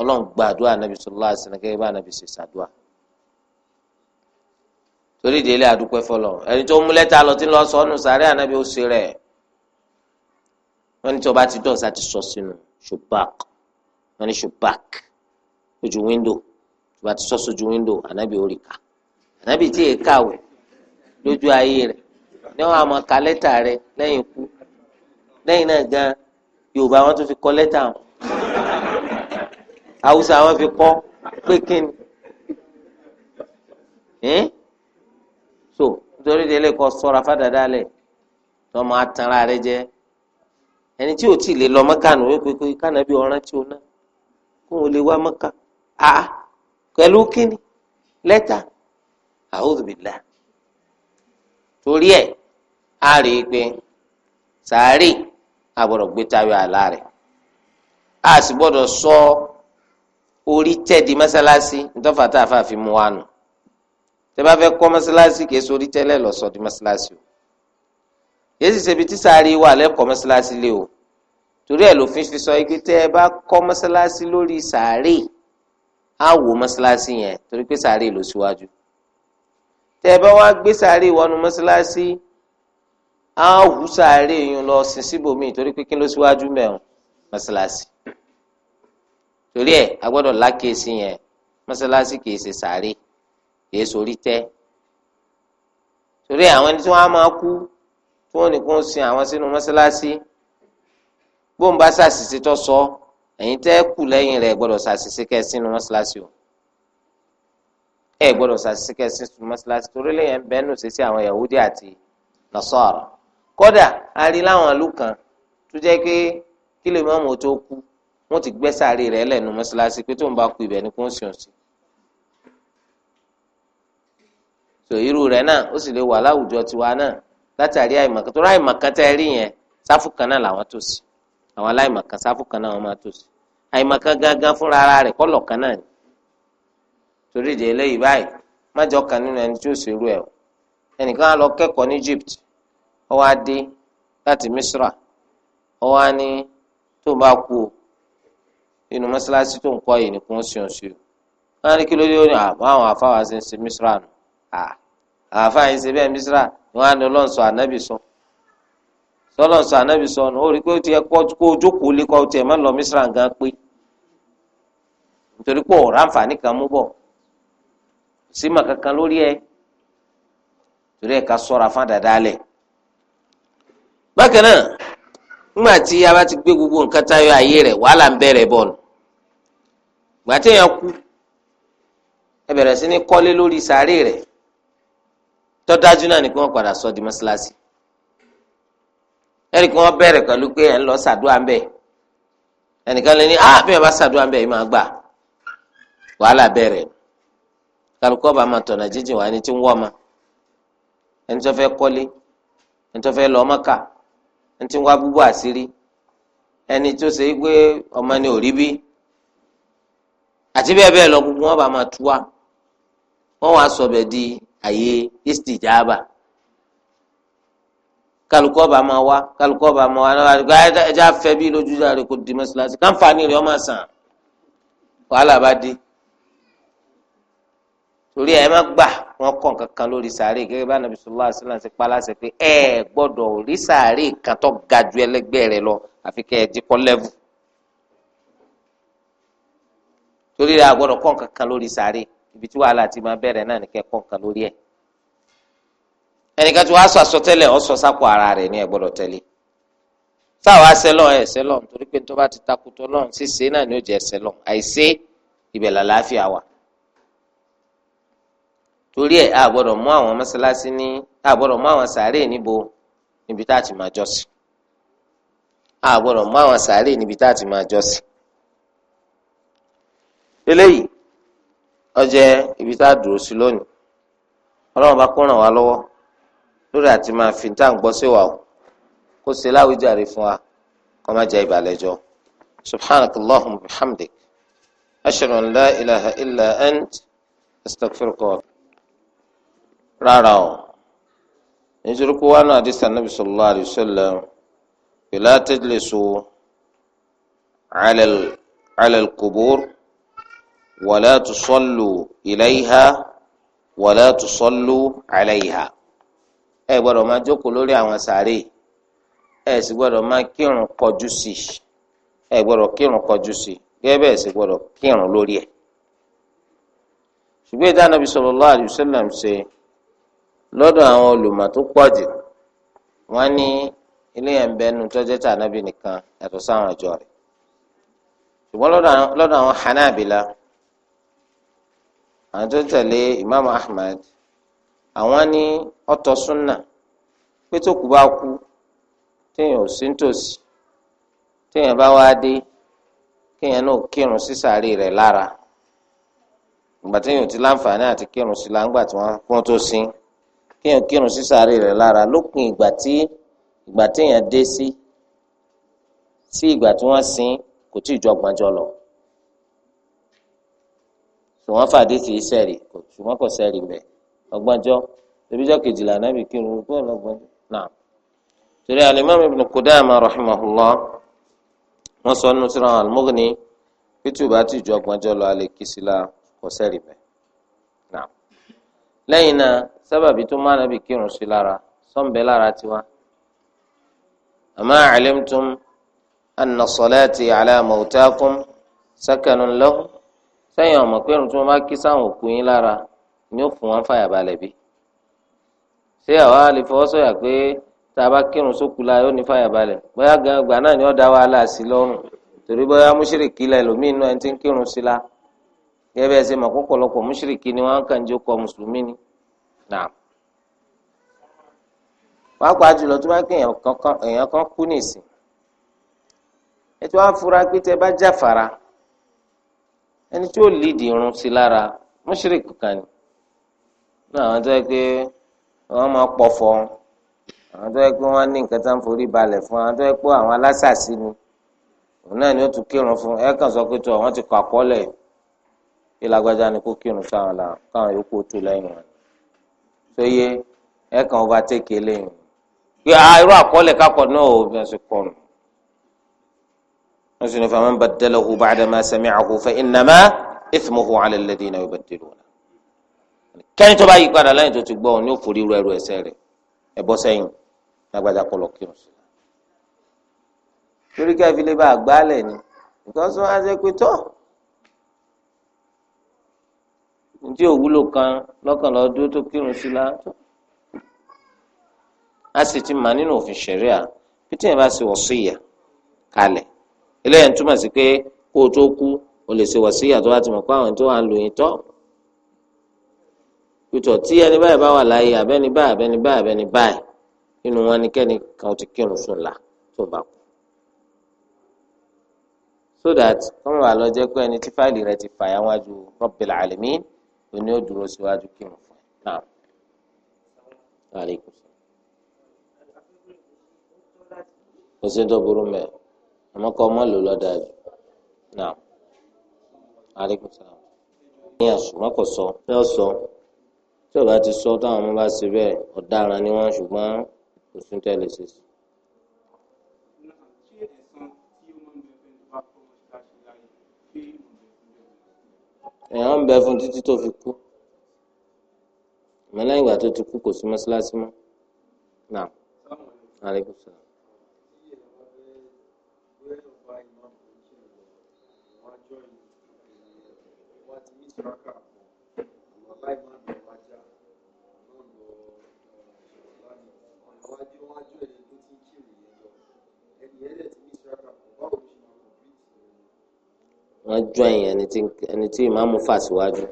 ọlọ́run gbàdúrà gẹ́gẹ́ bá ṣe torí ìdílé àdúpẹ́ fọlọ́ ẹni tó mú lẹ́tà lọ tí ń lọ sáré wọ́n ní tí ọba ti dọ̀sá ti sọ sínú ṣùpàk wọ́n ní ṣùpàk ojú wíńdò ọba ti sọ sójú wíńdò ànábì orí ká ànábì tí èé kàwé lójú ayé rẹ̀ ní wọ́n àmọ́ ka lẹ́tà rẹ̀ lẹ́yìn ikú lẹ́yìn náà gan yorùbá wọ́n tún fi kọ lẹ́tà wọn haúsá wọ́n fi kọ pé kíni so nítorí délé kọ sọ́ra fádàdà lẹ tọmọ atanra rẹ̀ jẹ. ẹni tí ò tí lè lọ mọ́kà nù wípé pé kánàbí ọ̀ràn tí o ná kó o lè wá mọ́kà pẹ̀lú kíni lẹ́tà torí ẹ̀ rí i pé a sì gbọ́dọ̀ sọ orí mọ́sálásí fi wa nù tẹ́ bá fẹ́ kọ́ mọ́sálásí kìí sọ orí tẹ́lẹ̀ lọ sọ di yéésì ṣebi tí sáré wà lẹ́kọ̀ọ́ mọ́sálásí lé o torí ẹ̀ lòfin fi sọ igi tẹ́ ẹ bá kọ́ mọ́sálásí lórí sáré á wò mọ́sálásí yẹn torí pé sáré ló síwájú tẹ́ ẹ bá wá gbé sáré wọnú mọ́sálásí á wù sáré yín lọ sin síbòmíì torí pé kí ló síwájú mẹ́rin mọ́sálásí torí ẹ̀ a gbọ́dọ̀ lákèésí yẹn mọ́sálásí kìí ṣe sáré kìí ṣe orí torí àwọn ẹni tí wọ́n á máa kú tí wọ́n nìkan sin àwọn sínú mọ́sálásí bóun bá ṣàṣìṣe tó sọ ẹ̀yin tẹ́ kù lẹ́yìn rẹ̀ gbọ́dọ̀ ṣàṣìṣe kẹ́ sínú mọ́sálásí o ẹ gbọ́dọ̀ ṣàṣìṣe kẹ́ sínú mọ́sálásí torí lẹ́yìn bẹ́ẹ̀nù ṣe sí àwọn Yahudi àti Nasara kódà a rí láwọn ìlú kan tó jẹ́ pé kí lè mọ́mọ́ tó kú wọ́n ti gbẹ́ sáré rẹ̀ lẹ́nu mọ́sálásí pé tóun bá kú ibẹ̀ ni kò ń sìn sí so irú rẹ̀ náà ó sì lè wà láwùjọ tiwa náà látàrí àìmọ̀kan tó ráìmọ̀kan tẹ́ rí yẹn sáfù kan náà làwọn tò sí àwọn aláìmọ̀kan sáfù kan náà wọ́n máa tò sí àìmọ̀kan gangan fúnra ara rẹ̀ kọ́lọ̀ kan náà ni torí ìdè eléyìí báyìí májọ kan nínú ẹni tí ó ṣerú ẹ̀ o ẹnìkan á lọ kẹ́kọ̀ọ́ ní Egypt ó wá dé láti Misra ó wá ní tó bá kú o inú mọ́ṣáláṣí tó ń kọ́ yìí nìkan ó sì ń ṣe o wọ́n á ní kí ló dé ó ní àwọn àfáwà ṣe ń ṣe Misra nù àáfàá yìí ṣe bẹ́ẹ̀ mísírà wọn á ní ọlọ́nsọ ànábì sọ sọlọ́nsọ ànábì sọ ọ̀nà ó rí i pé ó ti yẹ kó o jókòó lé kó o tiẹ̀ má lọ mísírà gan pé nítorí pé ọ̀rọ̀ àǹfààní kan mú bọ̀ sí mà kankan lórí ẹ torí ẹ ká sọra fún àdàdà alẹ̀ bákan náà nígbà tí a bá ti gbé gbogbo nǹkan táyọ ayé rẹ̀ wàhálà ń bẹ̀rẹ̀ bọ̀ nù gbàtẹ́yàn kú ẹ bẹ̀rẹ̀ sí ní kọ́lé lórí sàárè rẹ̀ tọ́dájú náà ni pé wọ́n sọ di mọ́ṣáláṣí ẹnì wọ́n bẹ̀rẹ̀ pẹ̀lú pé ẹ̀ ń lọ sàdúrà ń bẹ̀ ẹnìkan lè ní ah bí wọ́n bá sàdúrà ń bẹ̀ yìí máa gbà wàhálà bẹ̀rẹ̀ kálukọ́ bá máa tọ̀nà jíjìn wá ẹni tí ń wọ́ ọmọ ẹni tó fẹ́ kọ́lé ẹni tó fẹ́ lọ ẹni tí ń wá búbú àṣírí ẹni tó ṣe pé ọmọ ni ò rí gbogbo wọn bá máa tú wa sọ di àyè istijaba kálukú ọba máa wá kálukú ọba máa wá náà àdìgbà ẹja fẹ bí lójú rẹ kò di mọ́sálásí káǹfààní rẹ ọmọ sàn wàhálà bá dé torí ẹ má gbà wọn kọ nǹkan kan lórí sàárè gẹ́gẹ́ bá nàbí sọlá sílá ti pa láṣẹ pé ẹ gbọ́dọ̀ rí sàárè kan tó ga ju ẹlẹgbẹ́ rẹ lọ àfi kẹ ẹ dínkọ lẹvù torí ẹ gbọ́dọ̀ kọ nǹkan kan lórí sàárè ibi tí wàhálà ti máa bẹ̀rẹ̀ náà ní kẹ́kọ̀ọ́ nǹkan lórí ẹ̀ ẹnìkan tí wàá sọ àsọtẹ́lẹ̀ ọ sọ sápò ara rẹ̀ ní ẹ gbọ́dọ̀ tẹ̀lé táwa sẹlọ ẹ sẹlọ nítorí pé tó bá ti takùtọ lọrùn ṣíṣe náà ni ó jẹ sẹlọ àìṣe ibẹ̀ làlàáfíà wà torí ẹ a gbọ́dọ̀ mú àwọn mọ́sálásí ní a mú àwọn sàárè níbo níbi tá a ti máa jọ́sìn a eléyìí ọjẹ́ ibi tá a dúró sí lónìí ọlọ́run bá kó ràn wá lọ́wọ́ lórí àti máa fi tá à ń gbọ́ sí wa o kó ṣe láwíjàre fún wa kó má jẹ́ ìbàlẹ́jọ́ subhanaka allahumma bihamdik ashhadu an la ilaha illa ant astaghfiruka rárá o nítorí pé wánú àdìsá nàbì sallallahu alayhi wa sallam la tajlisu ala al-qubur. ولا tusallu ilayha ولا tusallu عليها. ẹ gbọ́dọ̀ máa jókòó lórí àwọn sàárè ẹ sì gbọ́dọ̀ máa kírun kọjú sí ẹ gbọ́dọ̀ kírun kọjú sí gẹ́gẹ́ bẹ́ẹ̀ sì gbọ́dọ̀ kírun lórí ẹ̀ ṣùgbọ́n ìdá nàbí sallallahu alaihi wasallam ṣe lọ́dọ̀ àwọn olùmọ̀ tó pọ̀ jù wọ́n ní ilé yẹn ń bẹ nu tọ́jẹ́ tà nàbí nìkan yàtọ̀ sáwọn ìjọ rẹ̀ ṣùgbọ́n lọ́dọ̀ àwọn Hanabila àwọn tó tẹ̀lé imam ahmed àwọn ní ọ̀tọ̀ súnà pé tó kú bá kú téèyàn ò sí nítòsí téèyàn bá wá dé kéèyàn náà kírun sí sàárè rẹ̀ lára ìgbà téèyàn ti láǹfààní àti kírun sí láǹgbà tí wọ́n kún tó sin kéèyàn kírun sí sàárè lára lópin ìgbà tí ìgbà téèyàn dé sí sí ìgbà tí wọ́n sin kò tí ì jọ gbọ́njọ lọ. ṣùgbọ́n fàdí ti sẹ́rì ṣùgbọ́n kò sẹ́rì mbẹ́ ọgbọ́njọ́ ebíjọ́ kejìlá náà bìí kírun gbọ́ lọ́gbọ́n náà. torí ibn rahimahullah wọ́n sọ nínú sira al ọgbọ́njọ́ lọ alẹ́ kò sẹ́rì náà. lẹ́yìn náà sábàbí tó máa kírun sí ala sẹ́yìn ọmọ pé irun tí wọ́n bá kí sáwọn òkú yín lára ni ó fún wọn fàyà balẹ̀ bí ṣé àwa lè fọwọ́ sọ̀yà pé tá a bá kírun sókù la yóò ní fàyà balẹ̀ bóyá gbà náà ni ó dá wàhálà sí lọ́rùn torí bóyá múṣírìkì la ẹlòmíín náà ẹni tí ń kírun sí la gẹ́gẹ́ bẹ́ẹ̀ ṣe mọ̀ pọ̀pọ̀lọpọ̀ múṣírìkì ni wọ́n kàn jó kọ mùsùlùmí ni náà pàápàá jùlọ tó bá kí èèyàn kan kú nìsín ètò àfúrá pé bá jáfara ẹni tí ó lídìí irun sí lára mọ́ṣíríkì kan ni náà àwọn tó yẹ pé wọ́n máa pọ̀fọ̀ àwọn tó yẹ pé wọ́n ní nǹkan tó ń forí balẹ̀ fún àwọn tó yẹ pé àwọn alásàsí ni òun náà ni ó tún kírun fún ẹ kàn sọ pé tó àwọn ti kọ àkọọ́lẹ̀ kí lágbájá ni kó kírun sáwọn là káwọn yòókù tó lẹ́yìn wọn tó yẹ ẹ kàn overtake lẹ́yìn pé ah, irú àkọọ́lẹ̀ kákọ̀ọ́ náà ò bí wọ́n ṣe kọ̀ nù wọ́n sì ní fa man baddalahu ba'da ma sami'ahu fa innama ithmuhu 'ala alladhina yubaddiluna. kẹ́ni tó bá yí padà lẹ́yìn tó ti gbọ́ ní òfòrí ru ẹrù ẹ̀ṣẹ̀ rẹ̀ ẹ bọ́ sẹ́yìn lágbàdá kọlọ̀ kí wọ́n sọ. torí ká ìfilẹ̀ bá àgbálẹ̀ ni because wọ́n á ṣe pé tọ́ ntí òwúlò kan lọ́kànlọ́dún tó kírun sí láàtọ́ a sì ti mà nínú òfin ṣẹ̀ríà pété eléyìí ń túmọ̀ sí pé kó o tó kú o lè ṣe wàsíyà tó bá ti mọ̀ pé àwọn tó wà ń lò yín tọ́ pìtọ̀ tí ẹni báyìí bá wà láàyè abẹ́ni báyìí abẹ́ni báyìí abẹ́ni báyìí nínú wọn ni kẹ́ni kan ti kírun fún la tó bá kú so that kọ́mọ̀ bá lọ jẹ́ pé ẹni tí fáìlì rẹ ti fàyà wájú Rabbil Alamin òní ó dúró síwájú kírun fún ẹ náà. tó burú mẹ́rin àmọ́ kọ́ ọmọ lò lọ́dà jù náà aleykum salaam. ní àṣùgbọ́n kò sọ fẹ́ sọ tí ọba ti sọ táwọn ọmọ bá ṣe bẹ́ẹ̀ ọ̀daràn ni wọ́n ṣùgbọ́n kò sún tẹ́lẹ̀ ṣe sí. èèyàn ń bẹ fún títí tó fi kú ìmọ̀lẹ́yìn ìgbà tó ti kú kò sí mọ́ṣáláṣí mọ́ náà aleykum salaam. tíráka kan àwọn aláìmáàmì wájà náà lọ ṣọ̀rọ̀ láàyè àwọn àwájú wájú ẹni tó ti ń kírun yẹn lọ ẹni wọ́n jọ ẹ̀yìn ẹni tí ìmáàmù fà síwájú.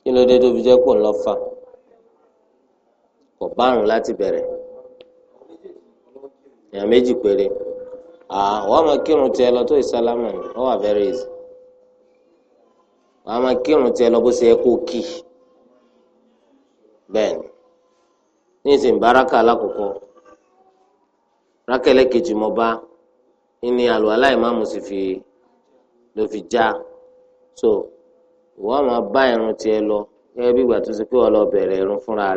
kí ló dé tó fi jẹ́ kó ń lọ fà kò bárùn láti bẹ̀rẹ̀ èèyàn méjì péré. Ah, wàá máa kírun tiẹ̀ lọ tó ìsálámà ni ó wà very easy wàá máa kírun tiẹ̀ lọ bó ṣe yẹ kó kì bẹ́ẹ̀ ni ní ìsìn alákòókò rákẹlẹ kejì mo bá ní ala ìmáàmù sì fi ló fi já so wàá máa bá irun tiẹ̀ lọ gẹ́gẹ́ bí ìgbà tó ṣe pé lọ irun fúnra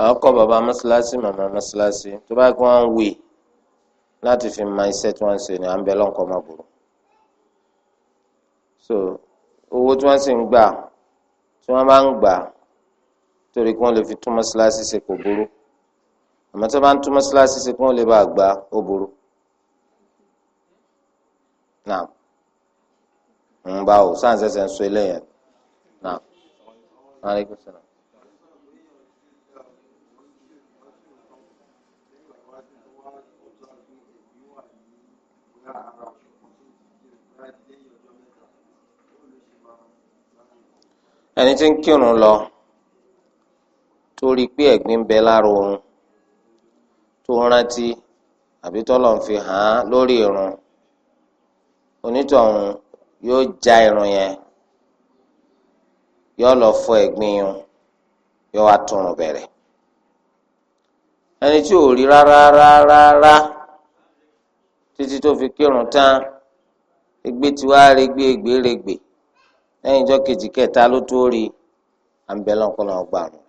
àwọn kọ́ bàbá mọ́ṣáláṣí màmá mọ́ṣáláṣí tó bá gbọ́n ń wè láti fi ma iṣẹ́ tí wọ́n ń ṣe ni à ń bẹ lọ́nkọ́ má burú so owó tí wọ́n sì ń gbà tí wọ́n bá ń gbà torí kí wọ́n lè fi tún mọ́ṣáláṣí ṣe kò burú àmọ́ tí wọ́n bá ń tún mọ́ṣáláṣí ṣe kí wọ́n lè bá a gbà ó burú naam ń bá o sáà ń ṣẹ̀ṣẹ̀ ń sọ eléyẹn naam. ẹni tí ń kírun lọ torí pé ẹ̀gbin ń bẹ lára òun tó rántí àbí tọ́lọ̀ ń fi hàn án lórí irun onítọ̀hún yóò já irun yẹn yóò lọ fọ ẹ̀gbin yun yóò wá tún un bẹ̀rẹ̀ ẹni tí ò rí rárá rárá rárá títí tó fi kírun tán egbe tí wàá regbè ègbè regbè. Re lẹ́yìn ìjọ kejì kẹta ló tó rí àǹbẹ̀lọ̀ ọ̀pọ̀lọ̀ ọgbà àrùn.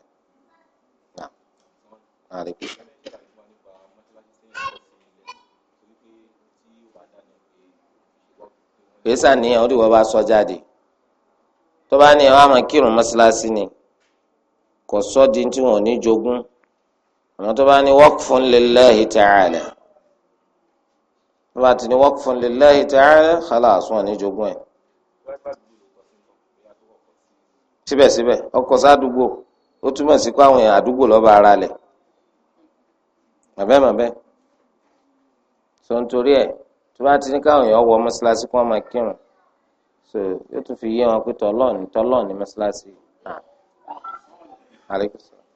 pèsè àníyàn ó dìbò bá sọ jáde tó bá ní ẹ wá máa kírun mọ́ṣáláṣí ni kò sọ́ di tí wọn ò ní jogún àwọn tó bá ní waqfun lillahi ta'ala tó bá ti ní waqfun lillahi ta'ala khalas wọn ní jogún ẹ̀. síbẹ̀síbẹ̀ ọkọ̀ sádùúgbò ó túmọ̀ sí pé àwọn èèyàn àdúgbò lọ́ba ara lẹ̀ màbẹ́ màbẹ́ sọ nítorí ẹ̀ tó bá ti ní káwọn èèyàn wọ mọ́ṣáláṣí kí wọ́n máa kírun so yóò tún fi yé wọn pé tọ́lọ́ọ̀ni tọ́lọ́ọ̀ni mọ́ṣáláṣí náà. Aleykum salaam.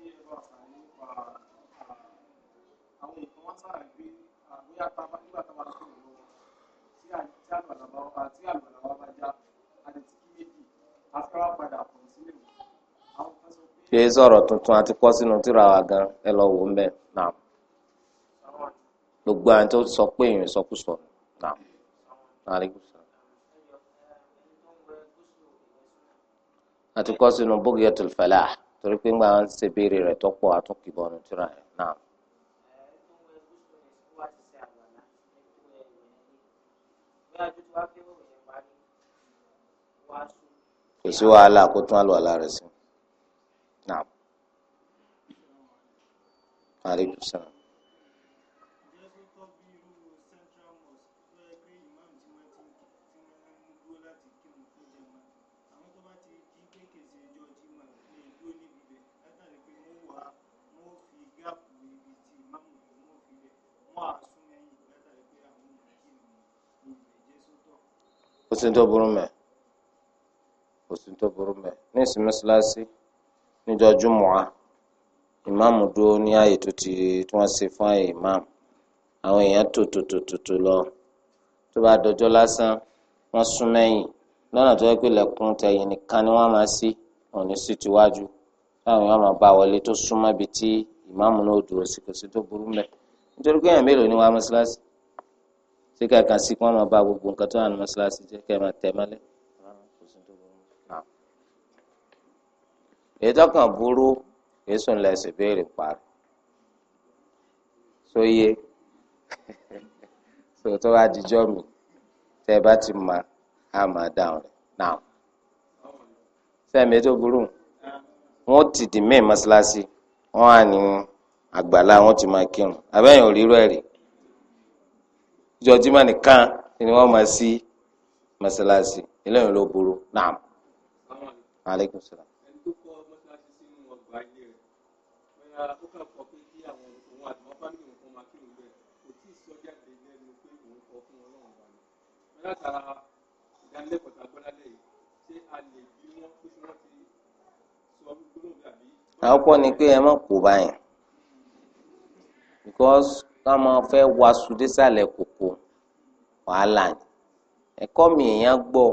Tí àlùbọ̀là wa bá já. kìí tuntun àti kọ́ sínú tíra wa gan ẹ lọ wò na mbẹ́ gbogbo àwọn tó sọ pé èèyàn sọkúsọ náà náà lè gbèsè. àti kọ́ sínú Bugyatul Falah torí pé ńgbà wọn ṣe béèrè rẹ̀ tọ́pọ̀ àtúnkìbọ̀ ọ̀nà tíra rẹ̀ kò sí wàhálà kó tún àlọ́ àlá rẹ̀ sí. Naam. Aleykum salaam. ó ti ń tó burú mẹ́ẹ̀ kò sí tó burú bẹ́ẹ̀ ní ìsìn mọ́ṣáláṣí níjọ́ ìmáàmù dúró ní ààyè tó ti tí wọ́n ṣe fún ààyè ìmáàmù àwọn èèyàn tò lọ tó bá dọjọ́ lásán wọ́n sún mẹ́yìn lọ́nà tó yẹ pé lẹ́kùn tẹ̀yìn nìkan ni wọ́n máa ṣí òní sí tiwájú táwọn èèyàn máa bá wọlé tó súnmọ́ ibi tí ìmáàmù náà dúró sí kò sí tó burú bẹ́ẹ̀ nítorí pé èèyàn mélòó ni wọ́n á mọ́ṣáláṣí ṣé kẹ́ẹ̀kan sí kí wọ́n máa bá gbogbo nǹkan tó wà ní mọ́ṣáláṣí jẹ́ kẹ́ẹ̀ máa tẹ̀ mọ́lẹ̀ èyí tọkàn burú èso ńlá ẹsẹ béèrè parí sóye sòtò àdìjọ mi tẹ ẹ bá ti ma á máa dáhùn rẹ náà sẹmi tó burú wọn ti dì mí mọ́ṣáláṣí wọn á ní àgbàlá wọn ti máa kírun abẹ́yìn ò rírọ ẹ̀ rí jọjúmọ́ nìkan ni wọ́n máa sí mọ́ṣáláṣí eléyìí ló burú náà aleykum salaam. ó kàn kọ pé kí àwọn òun àtìmọ́ fámìlì òun kan máa kí òun bẹ̀ kò tí ì sọ jáde lẹ́nu pé òun kọ fún ọlọ́run wa ni àkọ́kọ́ ni pé ẹ má kó báyìí because ká máa fẹ́ wàásù désàlẹ̀ kòkó wàhálà ni ẹ̀kọ́ mi èèyàn gbọ́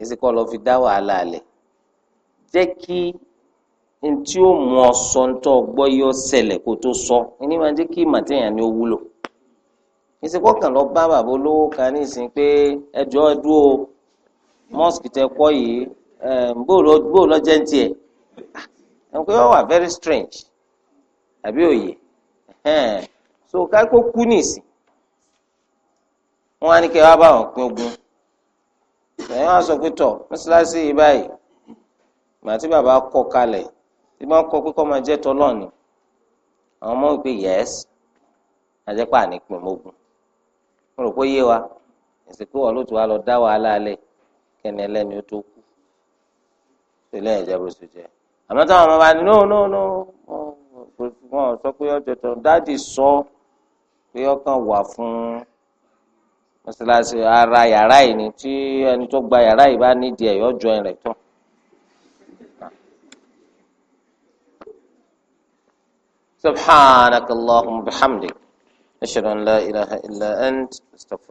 èsì kọ́ lọ́ọ́ fi dá wàhálà lẹ̀ jẹ́ kí ntí ó mú ọ sọ ntọ́ gbọ́ yọ ṣẹlẹ̀ kó tó sọ ẹni máa jẹ́ kí màtẹ́yàn ni ó wúlò ìsìnkú kan lọ bá bàbá olówó kan ní ìsìn pé ẹjọ́ dúró mosque tẹ kọ́ yìí bóò lọ́jẹ́ ń tiẹ̀ ẹn pé wọ́n wà very strange àbí òye so kákó kú ní ìsìn wọ́n á ní kẹ́ wá bá wọn pín ogun ẹ̀yin wá sọ pé tọ̀ mọ́ṣáláṣí yìí báyìí màtí bàbá kọ́ kalẹ̀ yìí tí wọ́n kọ pé kọ́ máa jẹ́ tọ́lọ́ ni àwọn ọmọ wípé yẹ́s àjẹpà nípìn mọ́gùn mo rò pé yé wa ìsìnkú wọn ló ti wá lọ dá wàhálà alẹ́ kẹ́ni ẹlẹ́ni ó tó kú sílẹ̀ ẹ̀jẹ̀ bó ṣe jẹ́ àmọ́ táwọn ọmọ bá ní no no no wọn sọ pé ọjọ́ tó dáàdì sọ pé ọkàn wà fún mọ́ṣáláṣí ara yàrá yìí ni tí ẹni tó gba yàrá yìí bá nídìí ẹ̀ yọjọ́ rẹ̀ tán. سبحانك اللهم بحمدك أشهد أن لا إله إلا أنت استغفر